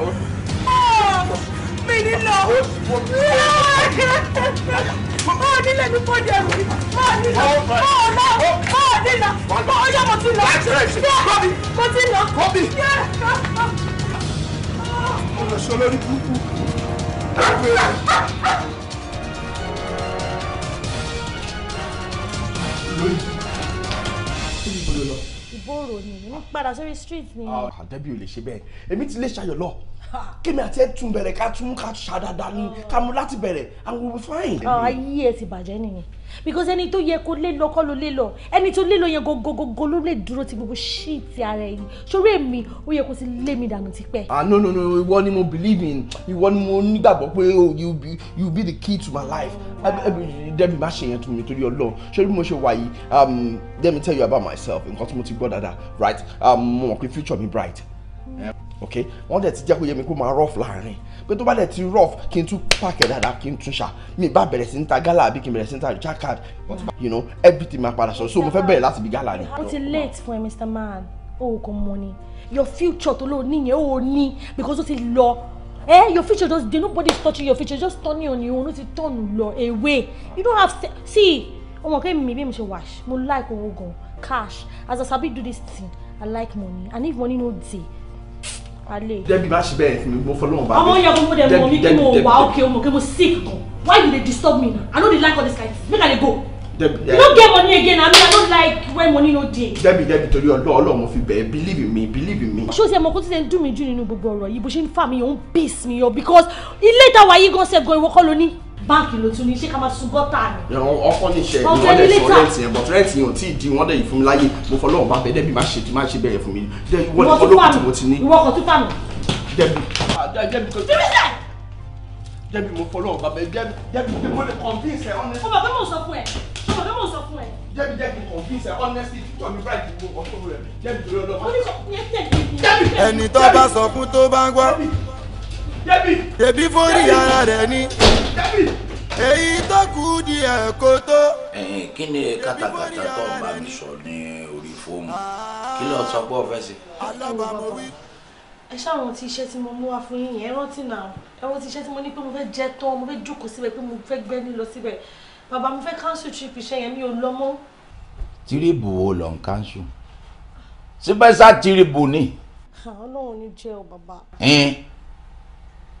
mi nílò mọ nílò ní kò dé mi mọ nílò mọ lọ mọ nílò mọ ọyọ mo ti lọ mo ti lọ. ọ̀rọ̀ sọ lórí kúkú. ìgboro ni mo ń padà sórí street ni. àdẹ́bí ah, ò lè ṣe bẹ́ẹ̀ èmi ti lè ṣayọ̀ lọ kémi àti ẹ tún bẹ̀rẹ̀ ká tún ká ṣàdàdà ni ká mú láti bẹ̀rẹ̀ and we will find. Ah, ayé ẹ ti bàjẹ́ nìyẹn because ẹni tó yẹ kó lé lọ kọ́ ló lé lọ ẹni tó lé lọ yẹn gogogogo ló lè dúró ti gbogbo ṣíìtì ara ẹni sórí èmi ó yẹ kó ti lé mi dànù tipẹ́. ah no no no ìwọ ni mo believe in ìwọ ni mo nígbàgbọ́ pé oh, you be you be the key to my life dẹ́bi má ṣe yẹn tún mi torí ọlọ́run ṣé bí mo ṣe wà yìí let um, me tell you about myself nǹkan tí mo ti gbọ́ dáadáa right um, mo mọ̀ pé future mi bright. Yeah ok wọ́n dẹ̀ ti jẹ́ kó yẹ mi kó máa rough láàrin pé tó bá dẹ̀ ti rough kí n tún pààkẹ́ dáadáa kí n tún ṣà mi bá bẹ̀rẹ̀ sí ń ta gala àbí kí n bẹ̀rẹ̀ sí ń ta jacquard you know everything máa padà sọ so mo fẹ́ bẹ̀rẹ̀ láti bí gala ni. o ti late fún ẹ mr man o kò mọ ni your future tó lóò níyẹn o ní because o ti lọ eh your future just dey nobody is touching your future just turn on you, own o ti turn lọ away you don't have see ọmọ kẹ́mi mi bí mi ṣe wash mo like owó gan cash as i sabi do this thing i like money and if money no dey jẹ́bi bá ṣe bẹ́ẹ̀ fún mi mo fọlọ́run bá bẹ́ẹ̀. ọmọ yẹn gbogbo dem mo mi kí mo wà ókè mo kí mo sick gan why you dey disturb me na i no dey like all this kind thing make i dey go. you no get money again i mean i no like when money no dey. jẹ́bi jẹ́bi torí ọlọ́ ọlọ́ mo fi bẹ̀ẹ́ believe in me believe in me. ṣé o ṣe ọmọ kó tún ṣe ń dùn mí jù nínú gbogbo ọ̀rọ̀ yìí bó ṣe ń fà mí òun piss mi yọ because ilé ìtawà yìí gan ṣe gan ìwọ́kọ́ lóní báǹkì ló tún ní ṣé ká máa sun gọ́tà ni. ọkọ níṣẹ́ ni wọ́n dẹ̀ sọ rẹ́ǹtì yẹn but rẹ́ǹtì yẹn ò tí ì di wọ́n dẹ̀ yìí fún mi láyè mo fọ́ lọ́wọ́ bá bẹ́ẹ̀ dẹ́bì má ṣe má ṣe bẹ́ẹ̀ fún mi dẹ́bì wọ́n lọ́kọ́ lókùn tí mo ti ní. ìwọ kò tún fà mí. dẹ́bì ah, dẹ́bì mo fọ́ lọ́wọ́ bá bẹ́ẹ̀ dẹ́bì dẹ́bì pé mo lè convince ẹ honestly. ọmọ pé mò ń sọ fún ẹ ọmọ pé mò ń sọ fún ẹ. dẹ́bì jẹ́ kí n convince ẹ honestly títọ́ mi bright gbogbo ọ̀tọ́ rẹ̀ dẹ́bì torí ọlọ́pàá. ẹni tó bá sọ fún tó bá ń gbọ́ tèbí forí ara rẹ̀ ni èyí tó kù di ẹ̀kọ́ tó. kí ni kátàkátà tó ń bá mi sọ ní orí fóònù kí ló sọ pé ọ̀fẹ́ sí. ẹ ṣáwọn ti iṣẹ́ tí mo mú wá fún yín yẹn rántí náà ẹ rántí iṣẹ́ tí mo ní pé mo fẹ́ jẹ tán mo fẹ́ jókòó síbẹ̀ pé mo fẹ́ gbẹ́ni lọ síbẹ̀ bàbá mo fẹ́ cancel trip iṣẹ́ yẹn mi ò lọ mọ́. tírìbù wo lọ ń cancel síbẹ̀ sá tírìbù ni. ọlọ́run ní jẹ́ o bàbá.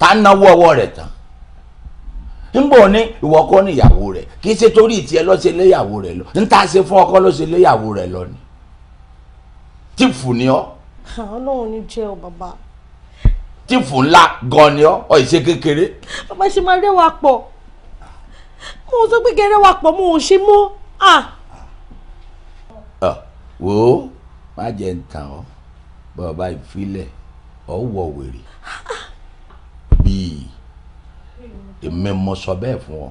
tá náwó ọwọ́ rẹ̀ tán nbọ ní ìwọ kọ́ ní ìyàwó rẹ̀ kì í ṣe torí ìtìẹ lọ ṣe léyàwó rẹ̀ lọ níta ṣe fún ọkọ lọ ṣe léyàwó rẹ̀ lọ ni tífù ni ọ. [laughs] Ọlọ́run ni jẹ́ o bàbá. tífù ńlá gan ni ọ ọ ìṣe kékeré. bàbá ṣe máa rẹwà pọ̀ mo sọ pé kẹrẹwà pọ̀ mo ò ṣe mọ́ à. wò ó má jẹ́ ń tàn ọ́ bàbá ìfilẹ̀ ọ̀ wọ̀ wèrè. [laughs] bíi èmi mo sọ bẹ́ẹ̀ fún ọ wọn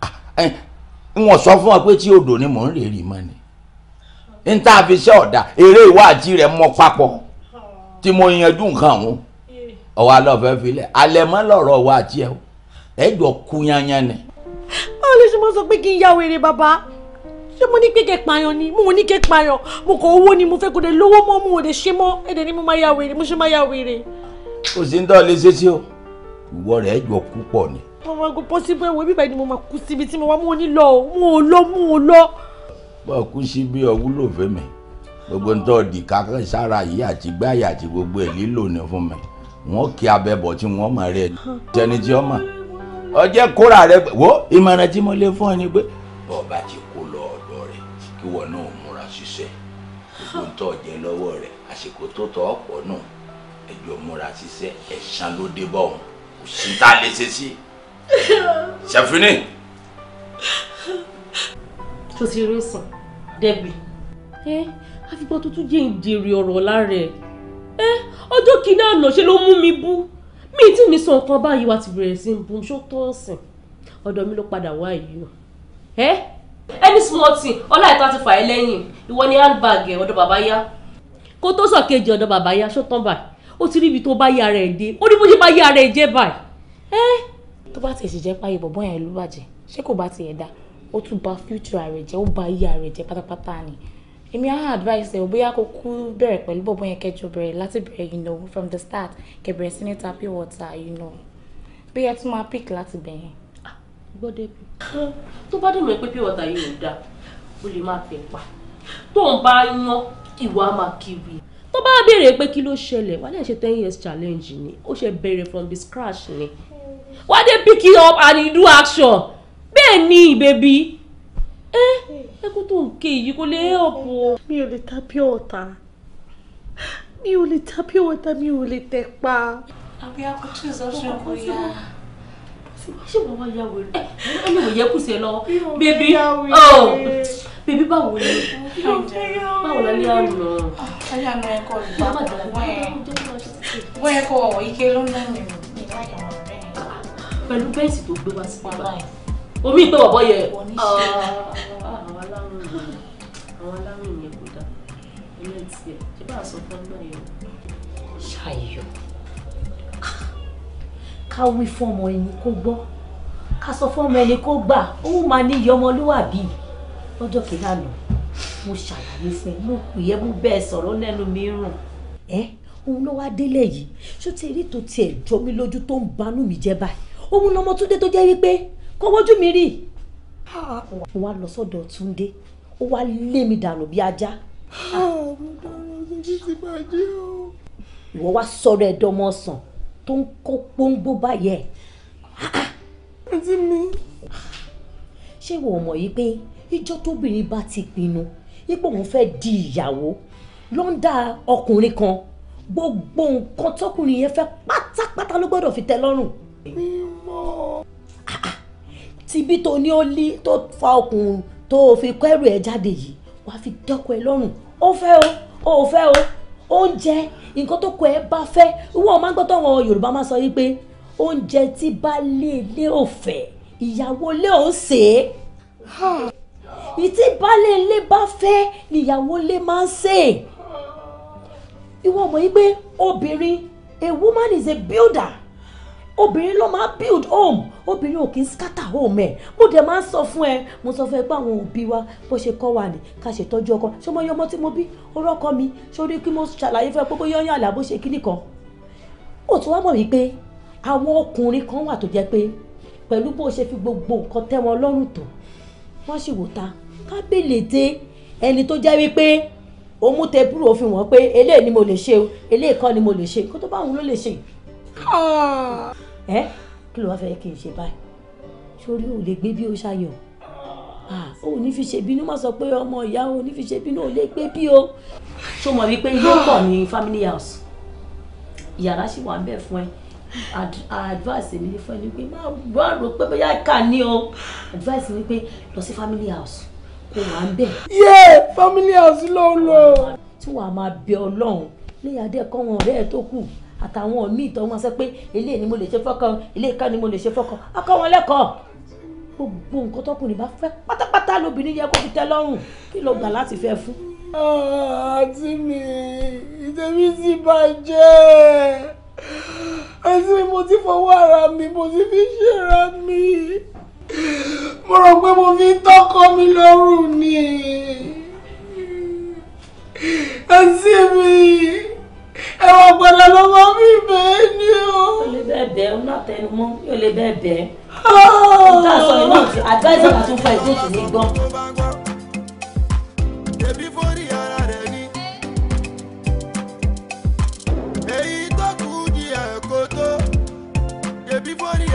ah, eh, sọ fún ọ pé tí odò ni mò ń rèé rí mọ́ ni n tá a fi ṣe ọ̀dà eré ìwà àti rẹ̀ mọ papọ̀ tí mo yanjú nǹkan ọ̀hún ọwọ́ alọ́fẹ́ filẹ̀ alẹ́ mọ́ lọ́rọ̀ ọwọ́ àti ẹ̀ ẹ̀jọ̀ kú yanyan ni. báwo ló ṣe mọ sọ pé kí n yá wèrè bàbá ṣé mo ní pé kẹ pààyàn ni mo ní kẹ pààyàn mo kọ owó ni mo fẹ́ kó de lówó mọ́ mo ò de ṣe mọ́ ẹ̀dẹ̀ ni mo máa yá wèrè mo ṣe máa yá wèrè. kò sí ń tọ́ ọ lè ṣe sí o ìwọ rẹ̀ jọ kú pọ̀ ni. ọmọ ẹgbẹ́ pọ́sibú ẹ̀wọ̀ bíbá ni mo máa kú síbi tí mo wá mú un nílọ o mú un lọ mú un lọ. bá a kú sí bí ọwúlò fẹ́mi gbogbo ń tọ́ di kákan sára yìí àti gbáyà àti gbogbo ẹ̀ lílò ní fún mi wọ́n kí abẹ́bọ̀ tí wọ́n mọ̀ rẹ̀ tẹni tí ó mọ̀ ọjẹ́ kóra rẹ̀ wo ìmọ̀ràn tí mo lè fún ẹ ni pé bọ́ọ̀bá ti kó lọ ọ̀dọ̀ rẹ̀ kí wọn náà múra ṣiṣẹ́ gbogbo ń tọ́ jẹ lọ́wọ́ rẹ̀ àsìkò tó tọ́ ọ̀pọ̀ náà ẹjọ́ múra ṣiṣẹ́ ẹ̀san ló dé bọ̀ kò sí tá a lè ṣe sí ṣàfihàn. tó ti rí sùn dẹ́bi ẹ àfipọ́ tó tún jẹ́ ìdèrè ọ̀rọ̀ lára ẹ̀ ẹ ọjọ́ kìíní àná ṣe ló mú mi bú mi tí ní sọ nǹkan báyìí wá ti bẹ̀rẹ̀ sí bú ṣó tó ọ̀sìn ọ̀dọ̀ mi ló padà wá yìí o ẹ small thing ọlá ìta ti fà ẹ́ lẹ́yìn ìwọ ni handbag ẹ̀ ọ̀dọ̀ bàbá yá kó tó sọ kejì ọ̀dọ̀ bàbá yá ṣó tán báyìí ó ti rí ibi tó bá yí ara ẹ̀ dé ó ní bó ṣe bá yí ara ẹ̀ jẹ́ báyìí. tó bá tiẹ̀ sì jẹ́ páyé bọ̀bọ́ yẹn ló bàjẹ́ ṣé kò bá tiẹ̀ dá ó tún ba future ara ẹ̀ jẹ́ ó ba yí ara ẹ̀ jẹ́ pátápátá ni èmi á advice ẹ o bóyá kó kú bẹ̀rẹ̀ pẹ̀lú bọ̀bọ̀ yẹn kẹjọ bẹ̀rẹ̀ láti bẹ̀rẹ̀ you know from the start kẹbẹ̀rẹ̀ sí ní tap water you know bóyá tún máa pick láti bẹ̀yẹn. Ah, gbọ́dọ̀ bí. tó bá dùn mí pé pure water yìí ò dáa o lè máa fẹ́ pa tó ń bá yan ìwà tó bá béèrè pé kí ló ṣẹlẹ̀ wà á ṣe ten years challenge ni ó ṣe bẹ̀rẹ̀ from the scratch ni wà dé pick it up and you do action bẹ́ẹ̀ ni ìbẹ̀bí ẹ ẹkú tó ń ké yìí kò lè help o. mi ò lè ta pure water mi ò lè ta pure water mi ò lè tẹ̀ pa. àbí akutú ìzọ́ṣọ́ kò yá ṣé wọ́n wá yá wèrè ẹ ní òye kù sí ẹ lọ́wọ́ bèbí bèbí báwo ni báwo la lè àná. ayé àná ẹ kọ ìgbà wọ́n ẹ kọ ike ló ń lẹ́nu pẹ̀lú bẹ́ẹ̀sì tó gbé wá sí bàbá omi ìpè wọ̀bọ̀ yẹ àwọn alárùn yẹn kò dá ẹ̀ ẹ̀ ti ẹ̀ ṣé bá a sọ fún ọgbà yẹn. ṣayọ ká wí fọmọ ẹni kó gbọ́ ká sọ fọmọ ẹni kó gbà ó máa ní iye ọmọlúwàbí lọ́jọ́ kìíní àná mo ṣàlàyé fún ẹ mo pè é mo bẹ́ẹ̀ sọ̀rọ̀ lẹ́nu mi rùn ẹ́ òun ló wá délẹ̀ yìí ṣó ti rí tó tiẹ̀ jọ mí lójú tó ń banú mi jẹ́ báyìí òun lọmọ túndé tó jẹ́ wípé kò wojú mi rí mo wá lọ sọ́dọ̀ túndé ó wá lé mi dànù bí ajá. Ah, mo dára ṣe kí ti bàjẹ́ o. ìwọ wá sọ̀rọ̀ ẹ̀dọ́mọ̀sán tó ń kó pọ́ngbó báyẹn. Ah, ah. àǹtí mi. ṣé wo mọ̀ yìí pé ìjọ́ tóbìnrin bá ti pinnu ipò òun fẹ́ di ìyàwó lọ́ńdà ọkùnrin kan gbogbo nǹkan tọkùnrin yẹn fẹ́ pátápátá ló gbọ́dọ̀ fi tẹ́ lọ́rùn. mímọ́. Ah, tibí tó ní ó lí tó fa okùn tó fi kẹ́rù ẹ̀ jáde yìí wàá fi dọ́kọ̀ ẹ lọ́rùn ó fẹ́ o ó fẹ́ o oúnjẹ nǹkan tó kọ ẹ bá fẹ́ wọ́n máa ń gbọ́ tọ́wọ́n Yorùbá máa sọ wípé oúnjẹ tí baálé ilé ò fẹ́ ìyàwó ilé ò ń sè é ìtí baálé ilé bá fẹ́ ni ìyàwó máa ń sè é ìwọ mọ̀ yí pé obìnrin a woman is a builder obìnrin ló máa build home obìnrin ò kì í scatter home ẹ̀ mo dẹ̀ máa ń sọ fún ẹ mo sọ fún ẹ pé àwọn òbí wa bó ṣe kọ́ wa ní ká ṣètọ́jú ọkọ ṣé mo yọ ọmọ tí mo bí orú ọkọ mi sórí kí mo ṣàlàyé fún ẹ pé bóyá ọyàn àlàbó ṣe kíní kan ó tún wá mọ̀ wípé àwọn ọkùnrin kan wà tó jẹ́ pé pẹ̀lú bó ṣe fi gbogbo nǹkan tẹ́ wọn lọ́rùn tó wọ́n sì wò ta kábèlè dé ẹni tó jẹ́ wípé òun mú tẹ́búrò òfin wọ́n pé eléyìí ni mo lè ṣe o eléyìí kọ́ ni mo lè ṣe kó tó bá òun ló lè ṣe. Ah. ẹ kí ló wá fẹ́ kí n ṣe báyìí sórí ò lè gbé bí ó ṣayọ̀ ó ní fi ṣe bínú má sọ pé ọmọ ìyá ó ní fi ṣe bínú ò lè gbé bí o ṣó mọ̀ wípé ilé ah! pọ̀ ní family house yàrá sì wà bẹ́ẹ̀ fún ẹ advice mi fún ẹ ni pé máa wá rò pé bóyá kà ní o advice mi pé lọ sí family house kó wà ń bẹ̀. yé family house ló ń lò. tí wàá máa bẹ ọlọ́run léyàdé kọ́ wọn ọ̀rẹ́ ẹ tó kù àtàwọn míì tó wọn sọ pé eléyìí ni mo lè ṣe fọ́kọ eléyìí kan ni mo lè ṣe fọ́kọ akọ wọn lẹ́kọ̀ọ́ gbogbo nǹkan tọkùnrin bá fẹ́ pátápátá lóbìnrin yẹ kó fi tẹ́ lọ́rùn kí ló gbà láti fẹ́ fún. Ah, àǹtí mi ìtẹ̀mí ti bàjẹ́ àǹtí mo ti fọwọ́ ara mi mo ti fi ṣera mi mo rò pé mo fi ń mi lọ́rùn ni àǹtí mi ẹ̀wọ̀n padà ló máa fi bẹ́ẹ̀ ni o. o lè bẹ́ẹ̀ bẹ́ẹ̀ o náà tẹnu mọ́ yóò lè bẹ́ẹ̀ bẹ́ẹ̀. nígbà ah. sọ yìí náà advice àti fún ẹ̀ tó ní gbọ́n. èyí tó kù di ẹ̀kọ́ tó ebi bórí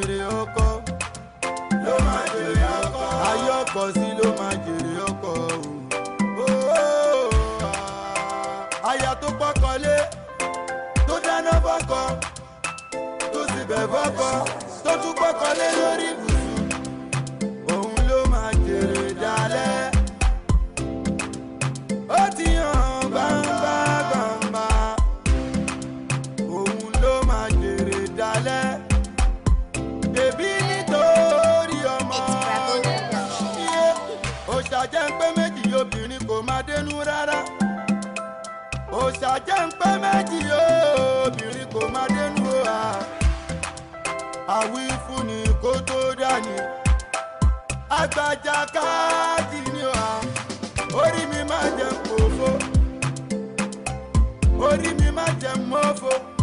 jèrè ọkọ. ló máa jèrè ọkọ. ayé ọ̀pọ̀ sí ló máa jèrè ọkọ o. aya tó pọ́kànlé tó dáná fọ́kọ tó sì bẹ̀ fọ́kọ tó tún pọ́kànlé lórí ibùdó. ìyá jẹ́ ń pẹ́ méjì yóò obìnrin kò má dénú à àwí fún ni kó tó dání agbájá káàdì ni à orí mi má jẹ́ ń orí mi má jẹ́ ń